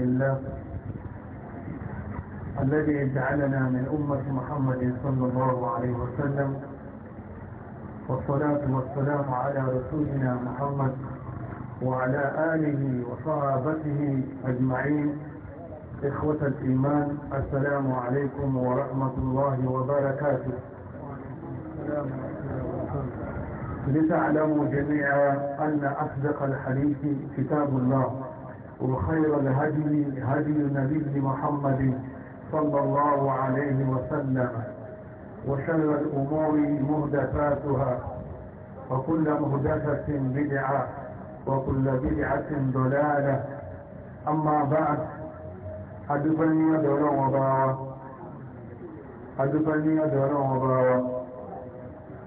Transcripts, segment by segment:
لله الذي جعلنا من أمة محمد صلى الله عليه وسلم والصلاة والسلام على رسولنا محمد وعلى آله وصحابته أجمعين إخوة الإيمان السلام عليكم ورحمة الله وبركاته لتعلموا جميعا أن أصدق الحديث كتاب الله وخير الهدي هدي نبي محمد صلى الله عليه وسلم وشر الأمور مهدفاتها وكل مهدفة بدعة وكل بدعة ضلالة أما بعد أدبني دولا وضاوة أدبني دولا وضاوة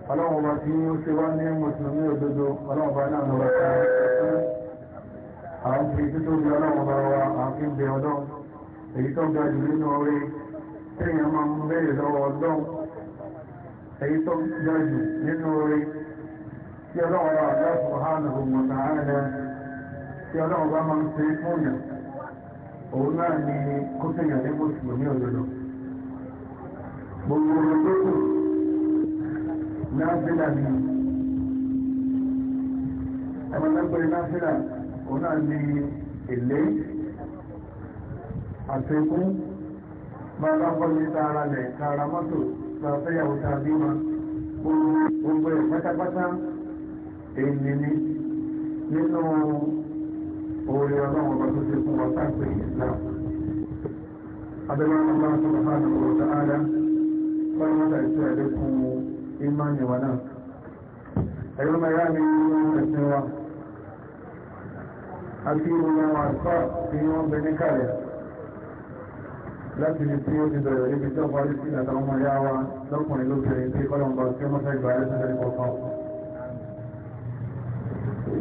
ọlọ́run ọba tí ó ṣe wá ní mùsùlùmí òdodo à ń ṣe títí tóbi ọlọ́run bá wa àfi ń bẹ ọlọ́run èyí tó ga jù nínú orí téèyàn máa ń béèrè lọ́wọ́ ọlọ́run èyí tó ga jù nínú orí tí ọlọ́run bá wà subhanahu wa ta'ala tí ọlọ́run bá máa ń ṣe fún yàn òun náà ni kó téèyàn ní mùsùlùmí òdodo gbogbo ọ̀rọ̀ tó kù náà fílà ni ẹ̀mọ́ náà pé náà fílà ni òun ni ní èlé àtẹkùn bá bá kọ́lé tààrà lẹ̀ tààrà mọ́tò tààfẹ́yàwó tàbí ma gbogbo ẹ̀ pátápátá èyí ni nínú orí ọlọ́run ọba tó ṣe fún wa sáàpé Islam abẹ́rẹ́ ọlọ́run tó bá hàn ọ̀rọ̀ dáadáa báyìí wọ́n tàbí tó ẹ̀dẹ́kùn ìmánìwá náà ẹ̀yọ́ mẹ́rẹ́ wa àti ìròyìn àwọn àṣà tí wọ́n bẹ ní kàlẹ̀ láti ní tí ó ti bẹ̀rẹ̀ níbi tó parí sí àtàwọn ọmọ ìyá wa lọ́kùnrin lóbìnrin tí kọ́lọ̀mbà tí ó mọ́sá ìgbà ẹ̀sùn ẹ̀rí kọ̀ọ̀kan.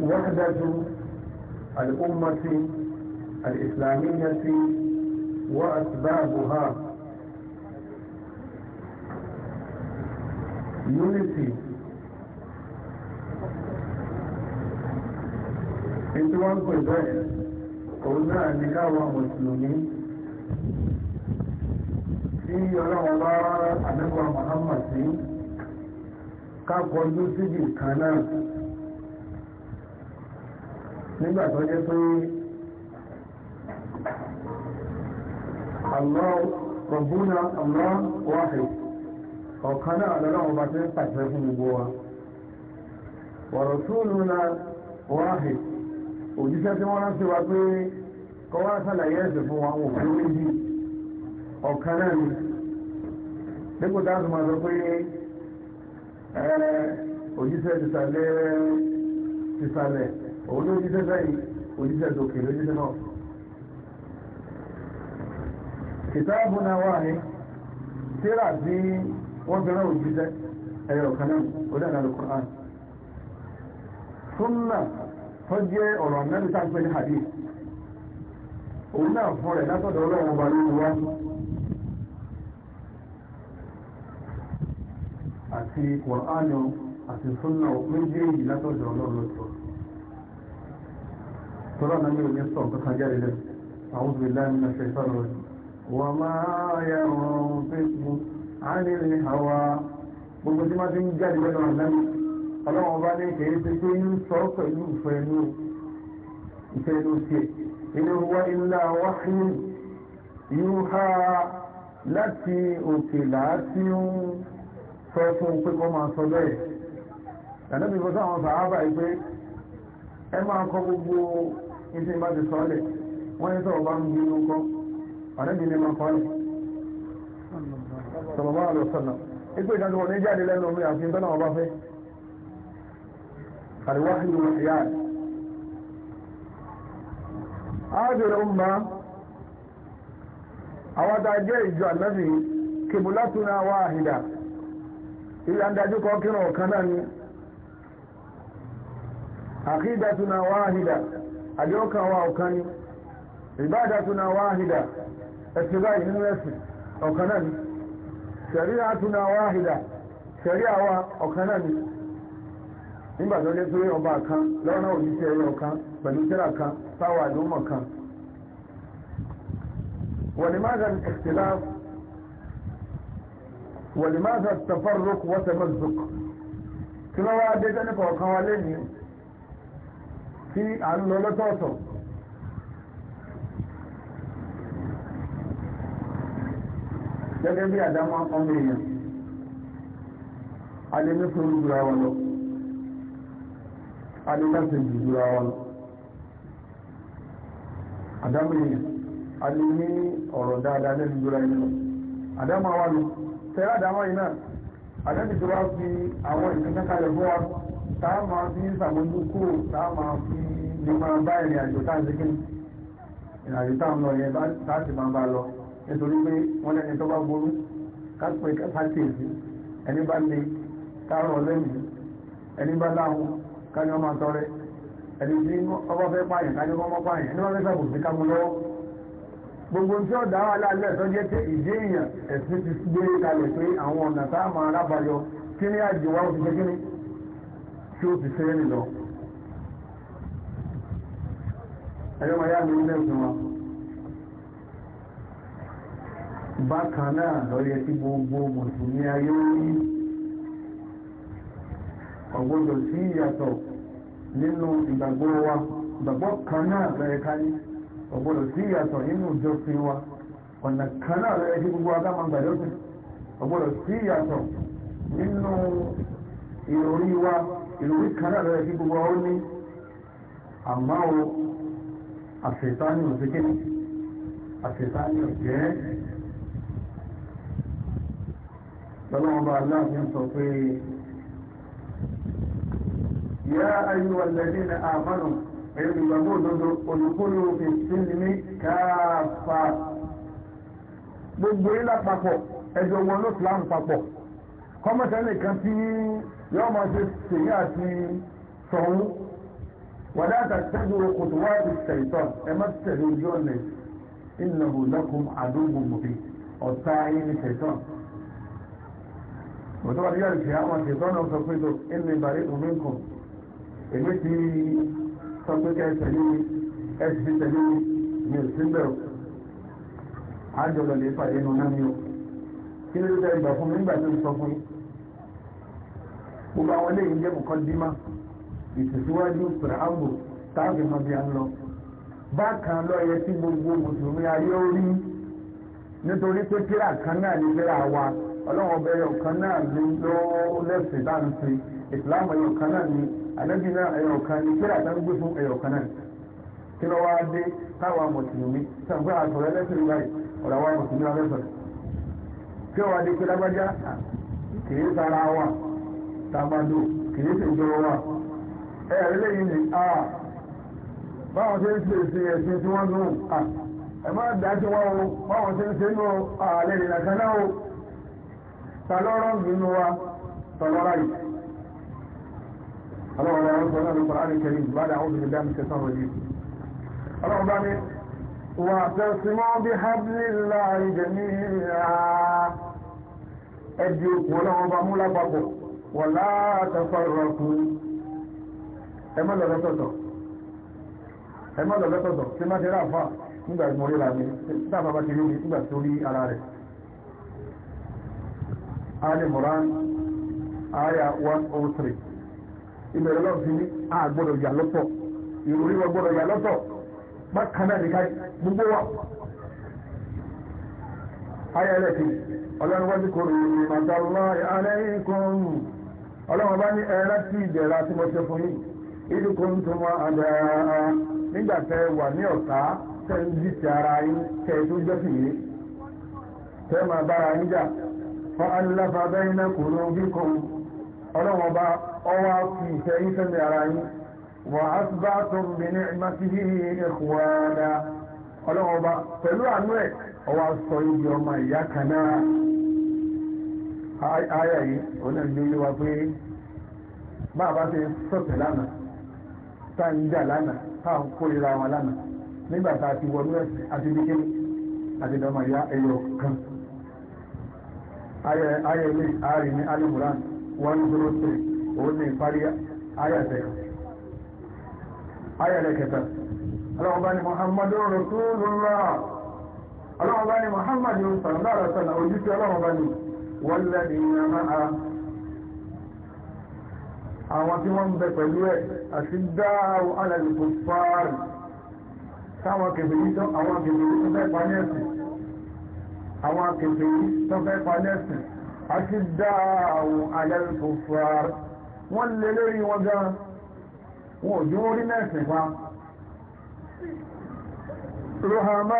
wọ́n ti dájú al'ummati al'islamiyyati wa asbabuha unity e tí wọ́n ń pè bẹ́ẹ̀ òun náà ní káwọn mùsùlùmí tí ọlọ́run bá àdẹ́kọ̀ Muhammad sí kákọjú síbì kan náà nígbà tó jẹ́ pé wahid ọ̀kan náà lọ́lọ́run bá ti pàṣẹ fún gbogbo wa wahid òjíṣẹ́ tí wọ́n rán sí wa pé kọwá sàlàyé ẹ̀sẹ̀ fún wa wò fún méjì ọ̀kan náà ni dípò dáàtù máa sọ pé òjíṣẹ́ ti sàlẹ̀ ti sàlẹ̀ òun ní òjíṣẹ́ sẹ́yìn òjíṣẹ́ tòkè lójíṣẹ́ náà kìtàbù náà wà ní tíra tí wọ́n fi rán òjíṣẹ́ ẹ̀yọ̀ kan náà ó dẹ̀ náà lọ́kùnrin tó jẹ́ ọ̀rọ̀ àmì sáńpẹ́ ní hadith òun náà fún rẹ̀ látọ̀dọ̀ ọlọ́run ọba àti àti súnà méjèèjì látọ̀dọ̀ ọlọ́run tọ́lá náà ní òní sọ nǹkan jáde lẹ́nu àwọn wọ́n máa facebook gbogbo tí wọ́n ti ń jáde lẹ́nu ọlọ́wọ́n bá ní ìkẹyẹ pé pé ń sọ pẹ̀lú ìfẹ́ inú ìfẹ́ inú tiẹ̀ inú wa ilá wáhí yóò ha láti òkè láti ń sọ fún pé kọ́ máa sọ bẹ́ẹ̀ tàbí bọ́ sáwọn sàábà ìpé ẹ máa kọ gbogbo iṣẹ́ bá ti sọ́lẹ̀ wọ́n ní sọ̀rọ̀ bá ń bí inú kọ́ ọ̀nẹ́bí ní máa kọ́lẹ̀ sọ̀rọ̀ bá àlọ́sọ̀nà ìpé ìdájọ́ wọn ní jáde lẹ́nu omi àfihàn tọ́nà ọba fẹ́ الوحي والحيان هذه الأمة أود أجيج الذي كبلتنا واحدة إلا أن تجيك وكنا وكنا عقيدتنا واحدة أجوك وكنا عبادتنا واحدة اتباعي من نفسي وكنا شريعتنا واحدة شريعة وكنا nígbà tó lé pé ọba kan lọ́nà òjíṣẹ́ ẹyọ kan pẹ̀lú tírà kan táwọn àdúmọ̀ kan ولماذا الاختلاف ولماذا التفرق وتمزق kí ló wá dé tẹ́lẹ̀ kọ̀ọ̀kan wa lẹ́yìn tí a ń lọ lọ́tọ̀ọ̀tọ̀ gẹ́gẹ́ bí àdámọ́ ọmọ èèyàn a lè ní fún olùgbòrò àwọn a ní mẹ́sẹ̀jì ìdúrà wọn àdámìnì a ní ní ọ̀rọ̀ dáadáa ní ìdúrà yìí lọ àdámà wà ní tẹ́lá àdámà yìí náà àdámì tó wá fi àwọn ìfẹ́kẹ́kẹ́ fún wa táà máa fi sàmójú kúrò táà máa fi lè máa bá ìrìn àjò táà sí kí ìrìnàjò táà ń lọ yẹn táà sì máa bá lọ nítorí pé wọ́n lẹ́ni tó bá burú kápẹ́ kápẹ́ ẹni bá le káàrọ̀ lẹ́yìn ẹni bá láhùn káyọ ọmọ tọrẹ ẹni tí ọba fẹ́ pààyàn káyọ ọmọ pààyàn ẹni wọn fẹ́ sàbò sí kámú lọ́wọ́ gbogbo tí ó dá wà láàlẹ́ tó jẹ́ pé ìdí èèyàn ẹ̀sìn ti gbé e kalẹ̀ pé àwọn ọ̀nà tá a máa rábàyọ kí ní àjòwá ó ti fẹ́ kí ní tí ó ti fẹ́ nìlọ ẹ̀yọ́ máa yá mi ilé ẹ̀sùn wa bákan náà lọ yẹ kí gbogbo mùsùlùmí ayé rí ọ̀gbọ́dọ̀ sí ìyàtọ̀ nínú ìgbàgbọ́ wa ìgbàgbọ́ kan náà lọ́yẹ ká ní ọ̀gbọ́dọ̀ sí ìyàtọ̀ nínú ìjọsìn wa ọ̀nà kan náà lọ́yẹ kí gbogbo adá máa gbàdọ́sìn ọ̀gbọ́dọ̀ sí ìyàtọ̀ nínú ìròrí wa ìròrí kan náà lọ́yẹ kí gbogbo ọ ní àmọ́ o àṣetánì òṣèkéni àṣetánì òjẹ́ lọ́lọ́wọ́n bá aláàfin sọ pé يا أيها الذين آمنوا olùkúlù ìsinmi káàfà gbogbo ilá papọ̀ ẹjọ́ wọn ló fìlà ń papọ̀ kọ́mọ̀tẹ́ nìkan tí yọ́ máa ṣe ṣèyí àti sọ̀hún wàdá àtàkùn kòtò wá ti ṣẹ̀tọ̀ ẹ má tẹ̀lé ojú ọ̀nà ìnáwó lọ́kùn àdógbò mòbí ọ̀tá ayé ní ṣẹ̀tọ̀ òtọ́wàdí yàrá ìṣẹ̀yà wọn ṣẹ̀tọ̀ náà sọ pé tó ẹnu ìbàrí òmìnkùn èmi ti sọ pé kẹ́ tẹ̀lé mi ẹ̀sì tẹ̀lé mi mi ò síbẹ̀ o àjọlọ lè pàdé nu náà ni o kí ló dé ìgbà fún mi nígbà tó ń sọ fún yín gbogbo àwọn eléyìí ń jẹ́ kọ́kọ́ dímà ìtẹ̀síwájú pẹ̀láàbò táàbì mọ́ bí a ń lọ bákan lọ yẹ tí gbogbo mùsùlùmí ayé ó rí nítorí pé kíra kan náà ní kíra wa ọlọ́wọ́n bẹ̀rẹ̀ ọ̀kan náà ló lẹ́sìn dáńtì islam ẹ̀yọ̀kan ni ànábì náà ẹ̀yọ̀kan ni kíra tó ń gbé fún ẹ̀yọ̀kan náà kí ló wá dé táwa mùsùlùmí sàgbé àtọ̀rẹ́ lẹ́sìn báyìí ọ̀rọ̀ wa mùsùlùmí wa lẹ́sọ̀rọ̀ kí ó wá dé kíra bá wa tàbádò kìí sì wa ni a báwọn ṣe ń ṣe ìṣe ẹ̀sìn tí wọ́n nù à ẹ má dájú wa o o wa ọlọ́run ọba ń sọ náà lópa àríkẹrí ìbádà àwọn òbílẹ̀ dáàmì kẹsàn rẹ̀ yìí ọlọ́run bá ní wà tẹ̀símọ́ bí hábìlá ìjẹ̀mí ẹ̀dì òkú ọlọ́run ọba mú lápapọ̀ wà látàfàrọ̀kù ẹmọ́lọ̀lọ́tọ̀tọ̀ ẹmọ́lọ̀lọ́tọ̀tọ̀ tí má ti ráfà nígbà ìmọ̀rí rà mí táfà bá ti rí mi nígbà tó rí ara rẹ̀ Ali Moran, Aya 103. ìbẹ̀rẹ̀ lọ́wọ́ sí ní àgbọ̀dọ̀ yà lọ́tọ̀ ìròyìn wọn gbọ́dọ̀ yà lọ́tọ̀ bákan gbogbo wa. ayẹlẹ ti ọlọ́run wọ́n ti kò rí màdàlá bá ní ẹran tí ìbẹ̀rẹ̀ àti mọ̀ṣẹ́ fún yìí nígbà tẹ wà ní ọ̀tá tẹ ń jí ti ara yín tẹ tó jẹ́ sí yìí tẹ máa bára yín jà bẹ́ẹ̀ ọlọ́wọ́n bá ọwọ́ fi ìfẹ́ yín sẹ́mi ara yín wà á ti bá tó ń bẹ ní ìmásíhì ikhwana ọlọ́wọ́n bá pẹ̀lú àánú ẹ̀ ọwọ́ sọ yín ọmọ ìyá kan ayà yìí ọ̀nà wa pé bàbá ṣe sọ̀tẹ̀ lánàá tá ń jà lánàá tá ń wọn lánàá nígbà tá a ti wọnú ẹ̀sìn àti bí àti ìyá kan alimuran one zero three òun ní ìparí ayàtẹ̀ ayàtẹ̀ kẹta aláwọ̀bá ni muhammadu rasulullah aláwọ̀bá ni muhammadu sallallahu alaihi wasallam ojúṣe aláwọ̀bá ni walladina ma'a àwọn tí wọ́n ń bẹ pẹ̀lú ẹ̀ àti dáàrù alẹ́lùkù fàárì táwọn kèfèrí tó fẹ́ pa nẹ́ẹ̀sì àṣìdáàwò alẹ́rìkòfààrù wọ́n lè lórí wọn gan wọn ò jú orí mẹ́sìn pa rọ́hàmá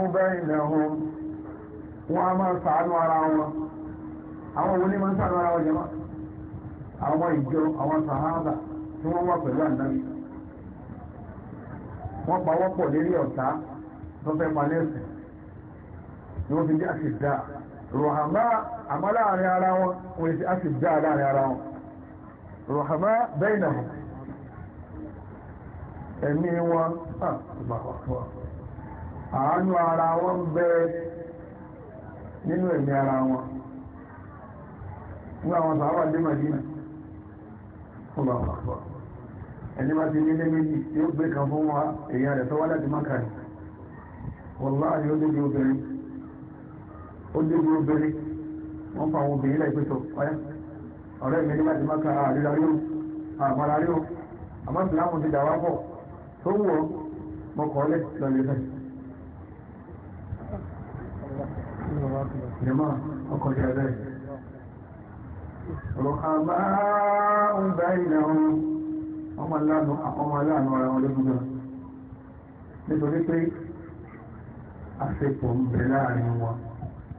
ọba ìlẹ̀hùn wọn a máa ṣàánú ara wọn àwọn òní máa ṣàánú ara wọn awọn àwọn ìjọ àwọn sàhábà tí wọ́n wà pẹ̀lú ànábì wọ́n pawọ́pọ̀ lérí ọ̀tá tó fẹ́ ni wọ́n fi ruhama a láàrin yara wọn wọ́n yìí á sì dá láàrin ara wọn rọ̀hàmá bẹ́ẹ̀ nà wọn ẹ̀mí wọn àánú ara wọn nínú wọn ní àwọn sàábà dé màdínà ẹni bá ti nílé méjì yóò gbé kan fún wa èèyàn rẹ̀ tó wá láti mákàrí wọ́n ó débi obìnrin wọ́n fa àwọn obìnrin lẹ́yìn pẹ́tọ̀ ọ̀yá ọ̀rẹ́ mi ní láti máa ka àríra rí o àmàlà rí o àmọ́ ìsìláàmù ti dàwà pọ̀ tó wù ọ́ mọ kọ́ lẹ́ lọ́lẹ́ fẹ́. Ìjọba ọkọ̀ jẹ́ bẹ́ẹ̀. Rọ̀hàmá ń bá ìlà ọmọ aláàánú aláàánú ara wọn lójú Nítorí pé àṣepọ̀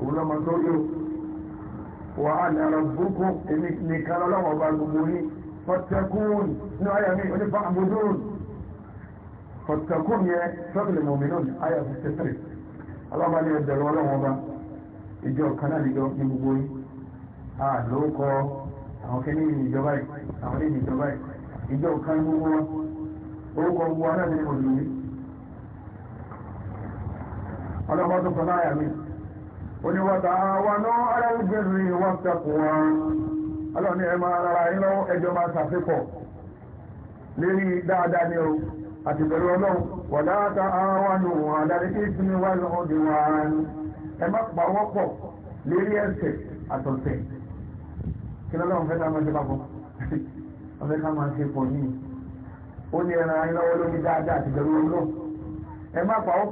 òun lọ́mọ tó lò wà á ní ara burúkú èmi nìkan lọ́wọ́ ọba gbogbo yìí fọ́tẹ́kùn ní àyà mi onífà àbójúùn fọ́tẹ́kùn yẹ sọ́bìlì mọ̀mìnà àyà fifty three ọlọ́ba ní ẹgbẹ̀rún ọlọ́wọ́ ọba ìjọ kan náà níjọ ní gbogbo yìí a ló kọ àwọn kẹ́ni ìjọba yìí àwọn ní ìjọba yìí ìjọ kan gbogbo wọn orúkọ gbogbo wọn náà ní mọ̀lúwì onye wataawanu ala albirri wattaqwa ọlọ́ni ẹ máa rárá ma lọ́wọ́ ịlọ máa ṣàfikọ̀ lérí dáadáa ni o àti ati ọlọ́run wala taawanu ala al-ithmi wal-udwan ẹ má pa ọwọ́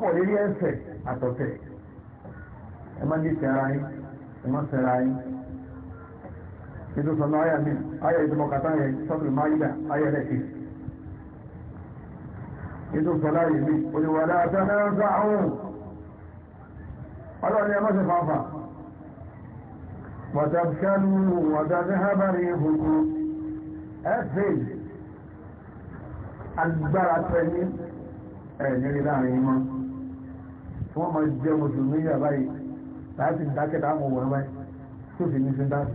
pa leri ẹ má dé tẹ́ra yín ẹ má tẹ́ra yín nítorí sọ̀nà àyà mi àyà ìdúmọ̀ kàtà yẹn sọ́kùnrin máa yíyà àyà rẹ̀ kì nítorí sọ̀nà àyà mi olùwàdà àtàná sọ àwọn ọlọ́ọ̀ni ẹ má ṣe fàáfà wàtàbíkánú wàtàbíhábàrí ìhùkú ẹ̀fẹ́ agbára tẹ́lẹ̀ ẹ̀ẹ́dẹ́rẹ́ láàrin wọn wọ́n máa jẹ́ mùsùlùmí yàrá yìí na ń dákẹ́ táwọn òwòrán tó sì ní sí dáàbò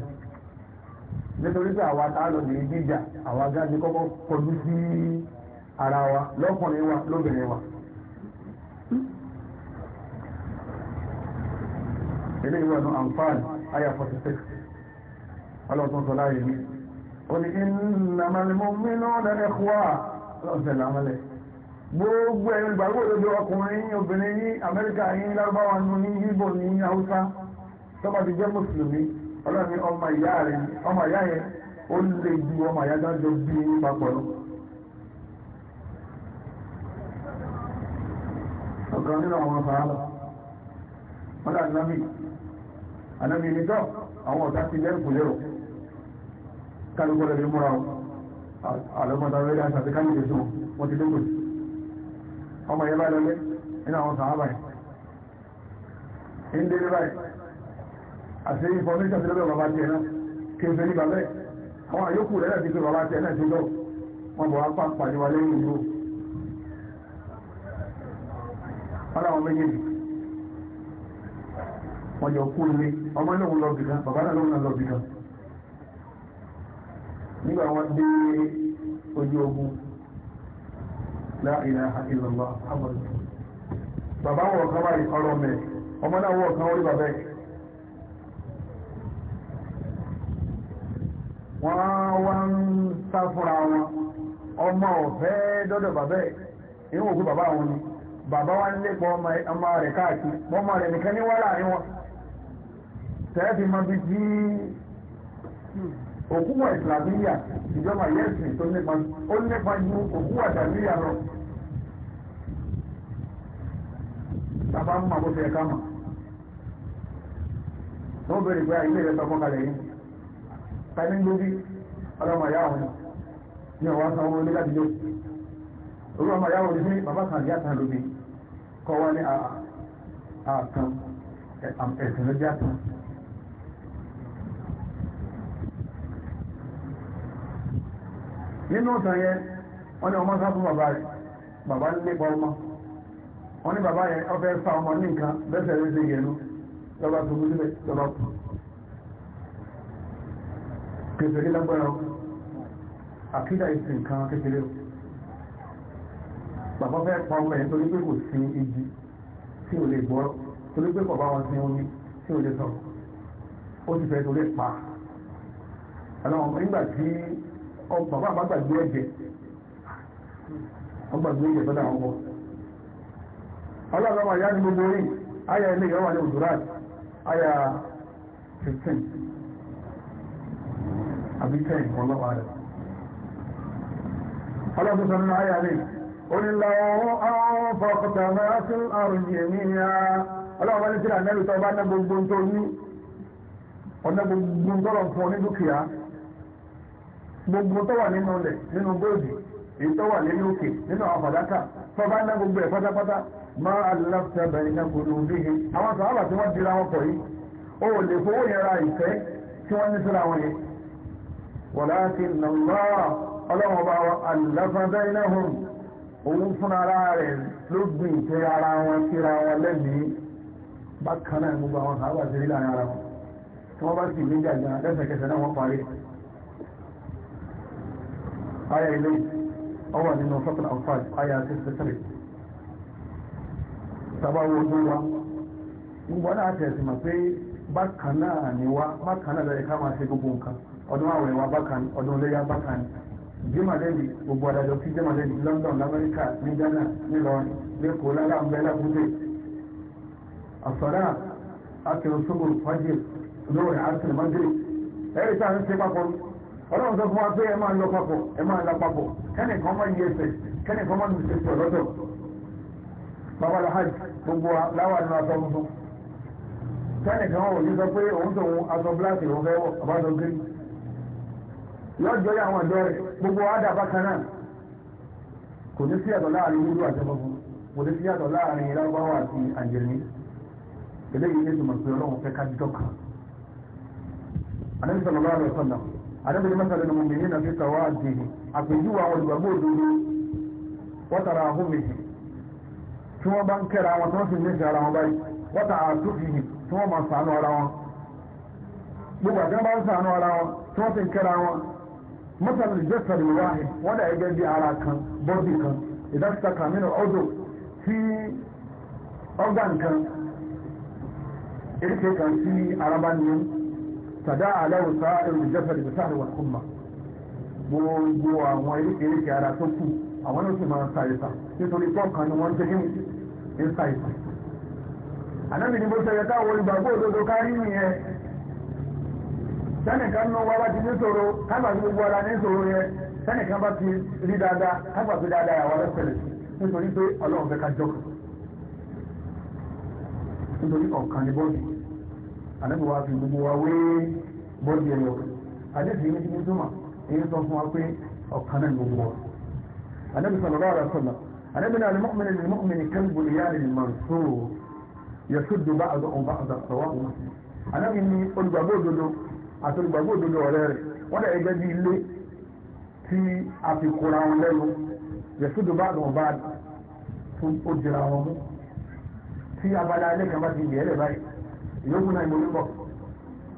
nítorí pé àwa a jíjà àwa kọjú sí ara wa wa lóbìnrin wa. ilé ìwé àǹfààní àyà 46 ọlọ́tún sọ mi. ó ní náà gbogbo ẹ̀yìn ìgbàgbọ́ òdodo ọkùnrin yín obìnrin yín amẹ́ríkà yín lárúbáwá nù ní yíbò ní haúsá tọ́ba ti jẹ́ mùsùlùmí ọlọ́ni ọmọ ìyá rẹ̀ ọmọ ìyá yẹn ó lè ju ọmọ ìyá dájọ́ bí i papọ̀ lọ. ọ̀kan nínú àwọn sàálà wọ́n dà nàmì ànàmì nìjọ́ àwọn ọ̀tá ti lẹ́rù kò lérò kálukọ́ lẹ́bi múra ọ̀ àlọ́mọdé abẹ́rẹ́ àti àti kálukọ́ ìṣòwò wọ́n ti lókòtì ọmọ yẹ bá lọlé nínú àwọn sàábà yìí ń délé báyìí àti information ti lọ́dọ̀ bàbá tiẹ̀ náà kí n fẹ́rí bàbá àwọn àyókù rẹ̀ láti fi bàbá tiẹ̀ náà ti lọ wọn bọ̀ wá pàpà ní wa lẹ́yìn ìlú wọn làwọn méjèèjì wọn jọ kú ilé ọmọ náà lọ bìkan bàbá náà lọ́wọ́ náà lọ bìkan nígbà wọn dé ojú ogun láìlà ìlàlá àbọ̀dù bàbá wọ̀ kan báyìí ọ̀rọ̀ mẹ́ ọmọ náà wọ̀ kan orí bàbá wá ń sá fúnra wọn ọmọ ọ̀fẹ́ dọ́dọ̀ bàbá yìí ìwọ̀n òkú bàbá wọn ni bàbá wa ń lépa ọmọ káàkiri ọmọ nìkan ní láàrin wọn tẹ́ẹ̀fì mọ́ bí jíì òkúwà ìsìlámíyà ìjọba yẹ́sìn tó nípa ó nípa ju òkúwà ìsìlámíyà lọ. bàbá ń mọ bó ṣe ká bèrè pé ilé rẹ̀ sọ́kọ́ kalẹ̀ yìí ń lóbi ọlọ́mọ ìyá òun ní nínú ìtàn yẹn wọ́n ní ọmọ sáfún bàbá rẹ̀ bàbá nípa ọmọ wọ́n ní bàbá yẹn ó fẹ́ fa ọmọ ní nǹkan bẹ́sẹ̀ ló ṣe yẹnu lọ́ba tó mú síbẹ̀ lọ́ba kù kékeré lágbára àkídà ìsìn kan kékeré o bàbá fẹ́ pa ọmọ yẹn torí pé kò sin igi tí ò lè gbọ́ torí pé kò bá wọn sin omi tí ò lè sọ̀rọ̀ ó ti fẹ́ torí pa àwọn nígbà tí bàbá àbágbàgbé ẹ̀jẹ̀ ọgbàgbé ẹ̀jẹ̀ tó dáhùn bọ́ ọlọ́ọ̀lọ́wọ̀ ayá ní gbogbo orí ayá ilé ìyọ́wà ní òdúráàdì ayá 15 àbí 10 ọlọ́wọ̀ rẹ̀ ọlọ́ọ̀tún sọ nínú ayá rẹ̀ onílọ́wọ́ àwọn fọ́kọ̀tà náà sí àrùn jẹ̀míyà ọlọ́wọ́ ní sílẹ̀ nẹ́rù tó bá ná gbogbo ní dúkìá gbogbo tó wà nínú ilẹ̀ nínú góòdì èyí tó wà nínú òkè nínú àwọn fàdákà tó bá ná gbogbo ẹ̀ pátápátá má aláfẹ́ bẹ̀rẹ̀ iná kòló bí i àwọn sàábà tí wọ́n dira wọn pọ̀ yìí ó lè fowó yẹn ra tí wọ́n ní síra wọn yẹn walakin Allah ọlọ́wọ́n bá wa aláfẹ́ bẹ̀rẹ̀ iná hùn òun fún ara rẹ̀ ló gbìn tí ara wọn síra wọn lẹ́mìí bákan náà gbogbo àwọn sàábà ti rí láàrin ara wọn tí wọ́n bá sì ní jàjà lẹ́sẹ̀kẹsẹ̀ náà wọ́n parí aya ilé ọwà nínú sọ́tún alfaj aya 63 sábàwọ̀ ọdún wa gbogbo náà tẹ̀sí ma pé bákan náà ni wá bákan náà lẹ́yìn ká máa ṣe gbogbo nǹkan ọdún àwẹ̀ wa bákan ọdún léyà bákan jimalẹ́lì gbogbo adájọ́ sí jimalẹ́lì London lamẹ́ríkà ní Ghana nílọrin lẹ́kọ̀ọ́ lára ń bẹ lábúlé àsọ̀rá akẹ́rọ̀sọ́gbọ̀n fàjẹ́ lórí àtìlẹ́mọ́dé ẹ̀rí sáà ń ṣe pápọ̀ ọlọ́run sọ fún wa pé ẹ máa lọ papọ̀ ẹ máa lọ papọ̀ kẹ́nì kan máa yẹ ẹsẹ̀ kẹ́nì kan máa ń ṣe sọ lọ́dọ̀ bàbá lahaj gbogbo láwà nínú aṣọ tuntun kẹ́nì kan ò ní sọ pé òun tòun aṣọ bíláàsì òun fẹ́ wọ̀ bàbá sọ pé lọ́jọ́ yà àwọn ọ̀dọ́ rẹ̀ gbogbo wa dàbá kan náà kò ní sí àtọ̀ láàrin wúlú àti ọmọkùn kò ní sí àtọ̀ láàrin ìlàwọ́ àti àjẹmí eléyìí àdébìnrin mẹ́sàlẹ̀ ní mọ̀mí nínú fi tàwa dìhì àpèjúwe àwọn olùgbàgbọ́ òdodo wọ́tara ahómejì tí wọ́n bá ń kẹ́ra wọn tí wọ́n sì ń lẹ́sẹ̀ ara wọn báyìí wọ́tà àtúfìhì tí wọ́n máa sànú ara wọn gbogbo àti wọ́n bá ń sànú ara wọn tí wọ́n sì ń kẹ́ra wọn mẹ́sàlẹ̀ ìjọ sàlẹ̀ wáhì wọ́n dà gẹ́gẹ́ bí ara kan bọ́dì kan ìdásíta kàmínú ọdọ tàdá aláwọ̀ sáàrù jẹ́fẹ̀rẹ̀ ìsáàrù wà kúmà gbogbo àwọn eréke ara tó kù àwọn ló sì máa ṣàìsà nítorí pọ́ǹkan ni wọ́n ń tẹ́gí ní ṣàìsà ànábì ni bó ṣe yẹ káwọn olùgbàgbọ́ òdodo kárí nìyẹn sẹ́nìkan nù wá bá ti ní sòro kágbà tí gbogbo ara ní sòro yẹn sẹ́nìkan bá ti rí dáadáa kágbà tí dáadáa yà wá lẹ́sẹ̀lẹ̀ nítorí pé ọlọ́run fẹ́ ká jọ́kọ̀ nítorí ọ̀kan ni bọ́ọ̀dù ànábì wa fi gbogbo wa wé bọ́ọ̀dì ẹ̀yọ̀ àdéhùn yìí ní kíkún túmọ̀ èyí sọ fún wa pé ọ̀kan náà gbogbo wa ànábì sallallahu alaihi wasallam ànábì náà al-mu'min lil-mu'min kal-bunyan al-mansur yasuddu ba'duhu ba'dan sawa'u ànábì ní olùgbàgbọ́ òdodo àti olùgbàgbọ́ òdodo ọ̀rẹ́ rẹ̀ wọ́n dẹ̀ gẹ́gẹ́ bí ilé tí a fi ìyókù náà ìmòlúbọ̀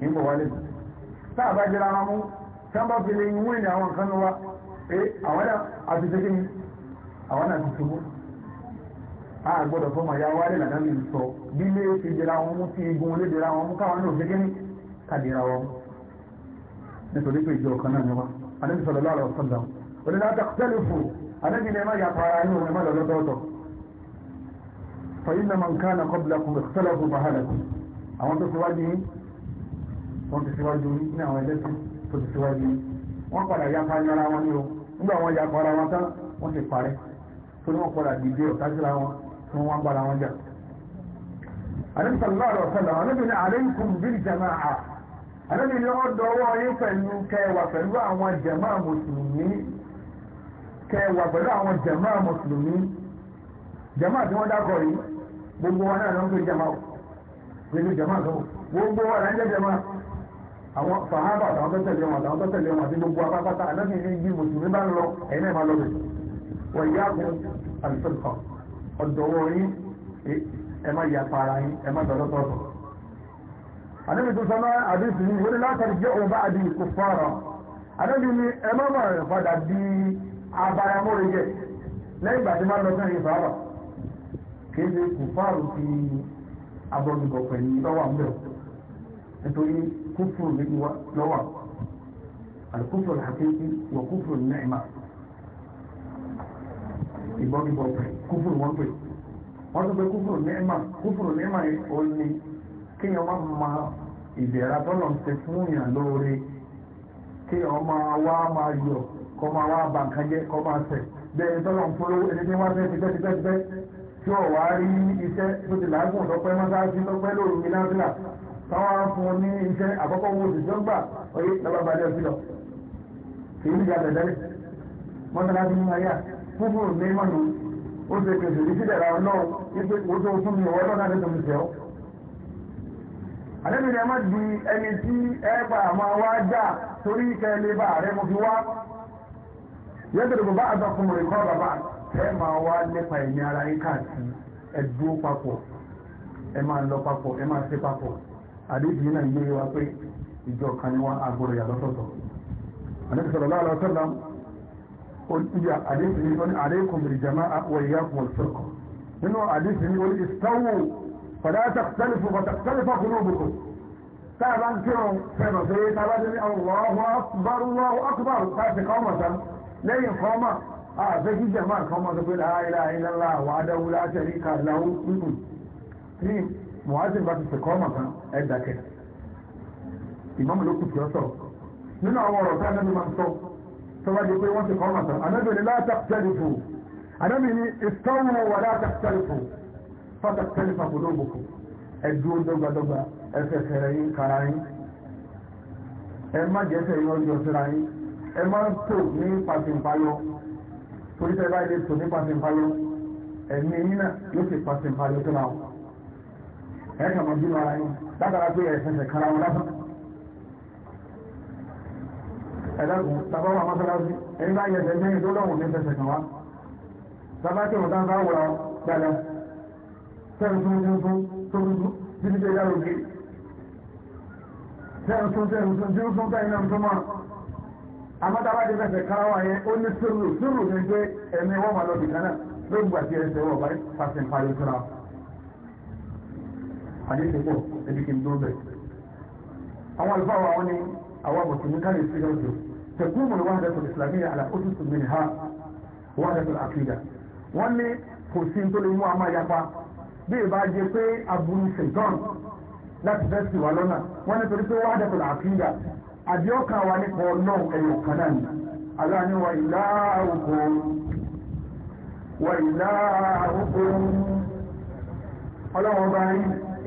ìmọ̀ wálé tá a bá jẹ́ra wọn mú sábà fi lè wọ́n ní àwọn kan wá pé àwọn náà àti ṣe kíni àwọn náà ti ṣubú a gbọ́dọ̀ fọ́ màá ya wálé lànà mi sọ bí lè fi jẹ́ra wọn mú sí igun olè jẹ́ra wọn mú káwọn náà ṣe kíni kàdìra wọn mú nítorí pé ìjọ kan náà ni wá àdébí sọ̀rọ̀ lọ́rọ̀ sọ̀dọ̀ òní láti tẹ́lẹ̀ fò àdébí ni ẹ má yàtọ̀ ara yín òun àwọn tó síwájú yín wọ́n ti síwájú yín ní àwọn ẹlẹ́sìn tó ti síwájú yín wọ́n padà yapa ní ara wọn ní o nígbà wọn yapa ara wọn tán wọ́n ti parẹ́ tó ní wọ́n padà dìde ọ̀tá síra wọn tí wọ́n wá ń bára wọn jà. àdéhùn sọ̀rọ̀ àrọ̀ sọ̀rọ̀ àlébìn àlékún bíi jama'a àlébìn ni wọ́n dọwọ́ yín pẹ̀lú kẹwàá pẹ̀lú àwọn jama'a mùsùlùmí kẹwàá pẹ̀lú àwọn jama'a mùsùlùmí jama'a tí wọ́n dákọ̀ yìí gbogbo wọn náà ló ń pè jama'a nínú jama kan gbogbo wa lẹ́jẹ̀ jama àwọn fàhábà gbogbo apápátá ànábì ní bí mùsùlùmí bá ń lọ ẹ̀yin náà máa lọ bẹ̀ wọ́n yá kún àlùfẹ́ǹkà yín ẹ má yà yín ẹ má dọ̀dọ̀ tọ̀tọ̀. tó sọ náà àdéhùn yìí wọlé látàrí jẹ́ òun bá kò fara ànábì ní ẹ má má padà di lẹ́yìn ìgbà abọ́dúnkọ̀ pẹ̀lú lọ́wọ́ àmúlẹ̀ nítorí kúfùrù méjì wá lọ́wọ́ àlùkúfùrù àkéèké wọ kúfùrù nẹ́ẹ̀mà ìbọ́dúnkọ̀ pẹ̀lú kúfùrù wọ́n pè wọ́n tó pé kúfùrù nẹ́ẹ̀mà kúfùrù nẹ́ẹ̀mà ò ní kéèyàn wá ma ìbẹ̀rẹ̀ tọ́lọ̀ ń ṣe fún ìyàn lóore kéèyàn máa wá máa yọ kọ́ máa wá bàǹkà jẹ́ kọ́ máa tẹ̀ bẹ́ẹ̀ tọ́lọ̀ ń polówó ẹni tí wọ́n fẹ́ ti bẹ́ẹ̀ ti bẹ́ẹ̀ ti bẹ́ẹ̀ tí ó wá rí iṣẹ́ tó ti làágùn lọ́pẹ́ mọ́sáájú lọ́pẹ́ lóru ní náfìlà táwọn fún ní iṣẹ́ àkọ́kọ́ wo òṣìṣẹ́ gbà oyè lọ́bàbàdé ọ̀sìn lọ kì í níjà bẹ̀dẹ́lẹ̀ mọ́sáájú ní ayá fúnfún ní mọ́nu ó ṣe pèsè ní sídẹ̀ra ọlọ́run wípé ó tó fún mi ọwọ́ lọ́nà tó mi tẹ̀ ọ́. àdébìnrin ẹ má di ẹni tí ẹ pa àmọ́ wá já torí kẹ́lẹ́ bá rẹ mo fi wá yẹ́tẹ̀rẹ̀ ẹ máa wá lépa ẹ̀mí ara yín káàkiri ẹ dúró papọ̀ ẹ máa lọ papọ̀ ẹ máa ṣe papọ̀ àdéhùn náà yé wa pé ìjọ kan ni wọn agbọ́dọ̀ yà lọ́tọ̀ọ̀tọ̀ àdéhùn sọ̀rọ̀ láàrọ̀ sọ̀rọ̀ olùyà àdéhùn ní wọn àdéhùn bìrì jama wọ ìyá kùn wọn sọ̀kọ̀ nínú àdéhùn ní wọn ìsọ̀wò fàdá tàkítàlìfò tàkítàlìfò kùnú òbòkò táàbà ń kírun fẹ́rọ̀ sí táàbà ní Allahu akbar Allahu akbar táàbà kọ́ àfẹ́ kí jẹ̀mọ́ kan mọ́ sọ pé láàrín àìlọ́lá àwọn adáwó látẹ̀rí ká láwó nínú tí muhammed bá ti sèkọ́ ọmọ kan ẹ̀dàkẹ́ ìmọ̀mù ló kù tí ó sọ nínú àwọn ọ̀rọ̀ tí anábì máa ń sọ tó bá di pé wọ́n ti kọ́ ọmọ kan anábì ní látàkítẹ́lifù anábì ní ìtọ́wò wà látàkítẹ́lifù fọ́tàkítẹ́lifà kò lóòbùkù ẹ̀dúró dọ́gbadọ́gba ẹ̀fẹ̀ fẹ̀rẹ̀ yín kara yín ẹ má jẹ́fẹ̀ yín ọjọ́ síra yín ẹ má tó ní pàṣípàyọ́ torí bẹ́ẹ̀ báyìí tò ní pàṣípàlọ́ ẹ̀mí yín náà yóò ti pàṣípàlọ́ tó náà ẹ̀ kà mọ̀ bínú ara yín látara pé ẹ̀ fẹsẹ̀ kára wọn lásán. ẹ̀dàkùn tàbá wà mọ́sálásí ẹni bá yẹsẹ̀ mẹ́rin tó lọ́wọ́ ní fẹsẹ̀ kan wá tàbá tí wọ́n tán bá wọ̀ dáadáa sẹ́rù tó ń fún tó ń fún títí tẹ́ yàrá òkè sẹ́rù tó ń sẹ́rù tó ń fún àmọ́tàbájẹ́ fẹ́fẹ́ káwà yẹn ó ní sírù sírù ní pé ẹ̀mí wọ́n máa lọ bìkan náà lóògùn gbà tí ẹsẹ̀ wọ̀ báyìí pàṣẹ ń parí síra àdéhùn pọ̀ ẹbí kí n tó bẹ̀. àwọn àlùfáà wa wọn ni àwọn mùsùlùmí ká lè síra jù tẹ̀kùn mọ̀ wá dẹ̀kùn ìsìlámíyà àlà ó tún sùnmí ha wá dẹ̀kùn àkìdà wọ́n ní kò sí tó lè mú àmà yapa bí ìbá jẹ pé aburú ṣèjọ́n láti fẹ́ sì wà lọ́nà wọ́n ní torí pé wá dẹ̀kùn àkìdà àbí ọkàn wa nípa ọlọ́run ẹ̀yọ̀ kan náà ni aláàánú wa ìlà àwùkọ wa ìlà àwùkọ ọlọ́run bá rí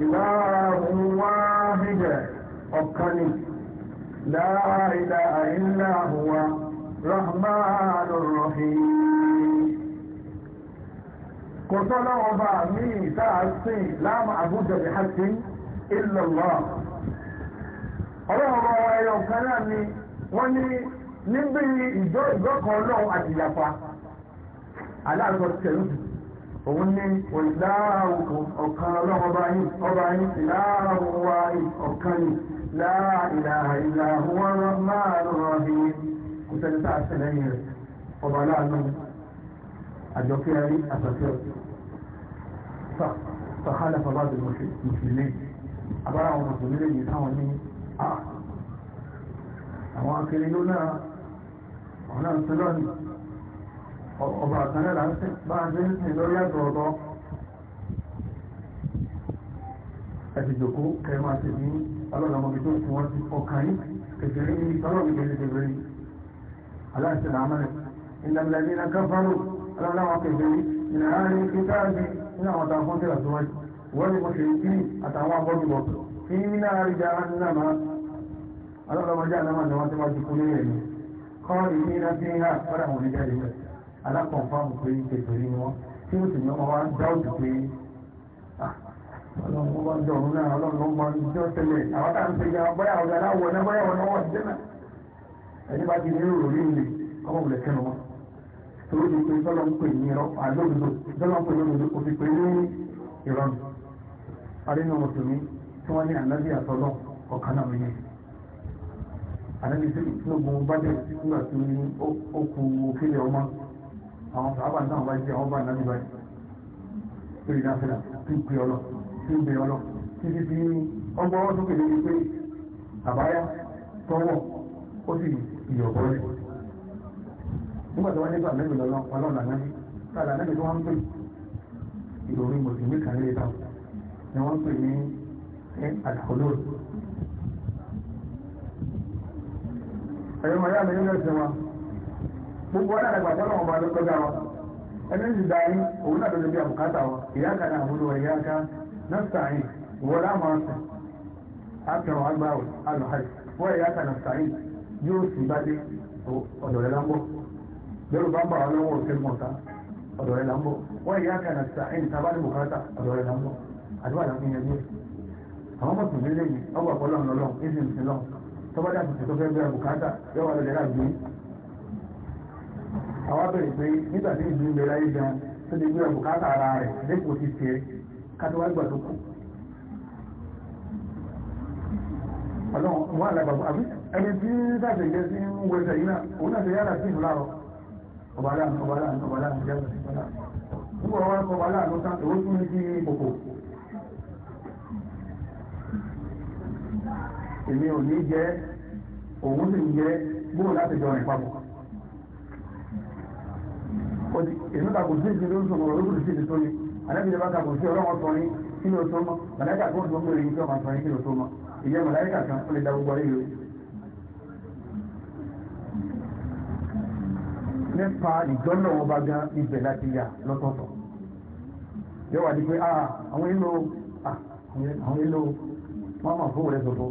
ìlà àwùn wá bíbẹ̀ ọ̀kan ni láàrínlá àìlà àwùwá kò sọ́lọ́run bá mí ìta àsìn láàmú àbújọ̀ bí ọlọ́run bá wọn ẹyọ nǹkan náà ni wọ́n ní níbi ìjọ ìjọ kan lọ́wọ́ àti ìyapa aláàtọ̀ tẹ̀lú òun ní ìlàáhùn ọ̀kan ọlọ́run bá yìí ọba yìí ìlàáhùn wa ọ̀kan yìí láà ìlàhà ìlàhùn wọn máa rọ̀ yìí kò sẹ́ni tá a sẹ́lẹ̀ yìí rẹ̀ ọba aláàánú àjọkẹ́ ayé àtàkẹ́ ọ̀tún sàkálà bàbá àdùnnú mùsùlùmí àbára àwọn mùsùlùmí lè yìí táwọn ní àwọn akẹrẹ ló náà ọ̀nà ìṣẹ́lọ́nì ọba àtàrẹ́lá bá ń sìn lórí àtọ̀ọ̀tọ̀ ẹ̀sìdòkó kẹrìmá ti ní ọlọ́lọ́mọbi tó fún wọn ti ọkàn yìí kẹfẹ́rí ní ọlọ́gbẹ̀rẹ̀ kẹfẹ́rí aláṣẹ làmọ́rẹ̀ ìlànà ìlànà káfáró aláwọ̀ kẹfẹ́rí ìlànà àárín kíkáàdì ní àwọn àtàwọn fọ́nkẹ́lá tó wáyé wọ́n ni mo ṣe ń kí àtàwọn abọ́dúbọ̀tọ̀ fi náà jahannama ọlọ́lọ́wọ́ jahannama ni wọ́n ti wá ti kú lé ẹ̀yìn kọ́ ìní iná sí iná fọ́dà wọn ní jáde rẹ̀ alákọ̀ọ́fàmù pé kékeré ni wọ́n tí ó sì ní ọmọ wa ń dá òjò pé ọlọ́run bá ń jọ òun náà ọlọ́run bá ń jọ tẹ́lẹ̀ àwọn táà ń pè ya bóyá ọ̀gá aláwọ̀ náà bóyá ọ̀nà wọ̀ tí wọ́n ní ànábì àtọ́lọ́ ọ̀kan náà yẹn ànábì sí ìtúnúgbọ̀n bá dẹ̀ nígbà tí ó kú òkèlè ọmọ àwọn sàábà náà bá jẹ́ àwọn bá ànábì báyìí pé ìdáfẹ́lá tí ń pè ọlọ́ tí ń pè ọlọ́ títí tí ọgbọ́n wọn sókè lórí pé àbáyá tọwọ́ ó sì ìyọ̀bọ̀ rẹ̀ nígbà tí wọ́n nígbà mẹ́rin lọ́lọ́ ọlọ́ọ̀lá náà tààlà náà ni wọ́n ń pè ìròyìn mùsùlùmí kan lè ta ni wọ́n ń pè ní الحلول ẹ̀yọ́mọ̀ yá mi nínú ẹ̀sìn wọn gbogbo ọ̀nà àgbàdo ọ̀nà ọba ló kọjá wọn ẹni ní darí òun náà lóde bí àbùkátà wọn ìyá kan náà wúlò ẹ̀yà ká náà sàáyìn ìwọ láàmú ọ̀sẹ̀ àtẹ̀wọ̀n agbáwò alùhàì wọ́n ẹ̀yà kan náà sàáyìn yóò sì bá dé ọ̀dọ̀ rẹ̀ lámbọ̀ lórí bá ń bà wá lọ́wọ́ òṣèlú ọ̀dọ̀ rẹ̀ lámbọ̀ wọ́n ẹ̀yà kan náà sàáyìn tábàdì bùkátà ọ̀dọ̀ rẹ̀ lámbọ̀ àdúrà lámbọ̀ yẹn àwọn mọ̀tòmí lẹ́yìn ọgbà pọ̀lọ́ ọ̀nà ìsìn ìsìn lọ tọ́bá dà tuntun tó fẹ́ bẹ̀rẹ̀ bùkátà yọ́wọ́ lọ́lẹ̀ láàgbé àwọn abẹ́rẹ̀ pé nígbà tí ìlú ìlera yìí gan tó lè bẹ̀rẹ̀ bùkátà ara rẹ̀ lẹ́kọ̀ọ́ ti tiẹ̀ kátówá gbà tó kù ọlọ́run wà lágbàgbà àbí ẹni tí sàtẹ̀jẹ́ sí ń wẹ̀sẹ̀ yìí náà òun náà ti èmi ò ní jẹ òun sì ń jẹ bóun láti jọ rìn papọ̀ èmi kà kò sí ìdí ló ń sọ̀rọ̀ olókùnrin sí ìdí tó ní àdábìyẹ bá kà kò sí ọlọ́wọ́ sọ ní kí ló tó mọ́ màláìkà tó ń sọ mọ́rin tí ọmọ sọ ní kí ló tó mọ́ ìyẹn màláìkà kan ó lè da gbogbo ayé yòó. nípa ìjọ́nà wọn bá gan ibẹ̀ láti yà lọ́tọ̀ọ̀tọ̀ yóò wà ní pé ah, àwọn èlò ah, àwọn èlò wọn máa fowó rẹ̀ sọ̀tọ̀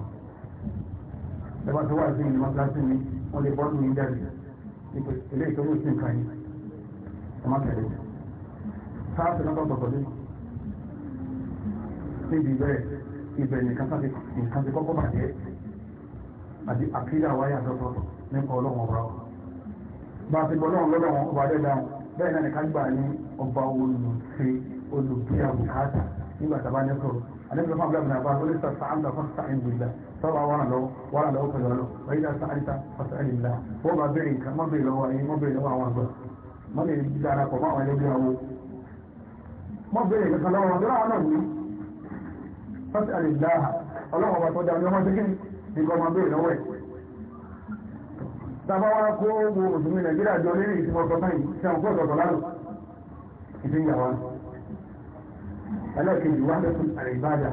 ẹgbà tó wà sí ìlú mọ́sálásí mi wọ́n lè bọ́ọ̀lù mi jáde nípa ilé ìtọ́jú sí nǹkan yìí ẹ má tẹ̀lé sáàtì náà tọ̀tọ̀ lé níbi bẹ́ẹ̀ ibẹ̀ nìkan sáfi nǹkan ti kọ́kọ́ bàjẹ́ àti àkíyà wáyà tọ̀tọ̀ nípa ọlọ́run ọ̀rọ̀ bá a ti bọ́ lọ́run lọ́rọ̀ ọba adẹ́dáhùn bẹ́ẹ̀ náà nìkan gbà ní ọba olùṣe olùbíyà bùkátà nígbà tá a bá ní sọ̀rọ̀ àdébìtì fún abúlé àbúrò àbá olùsọ̀tà àǹdà fún sàǹdùlá tọ́ba wọ́n lọ wọ́n lọ pẹ̀lú na ọ̀yídà sáàríta ọ̀sẹ̀lì ńlá ọba tó dáa ní ọmọ tó kí nǹkan mọ́ bẹ̀rẹ̀ lọ́wọ́ ẹ̀ tàbá wá kó gbogbo òṣùmí nàìjíríà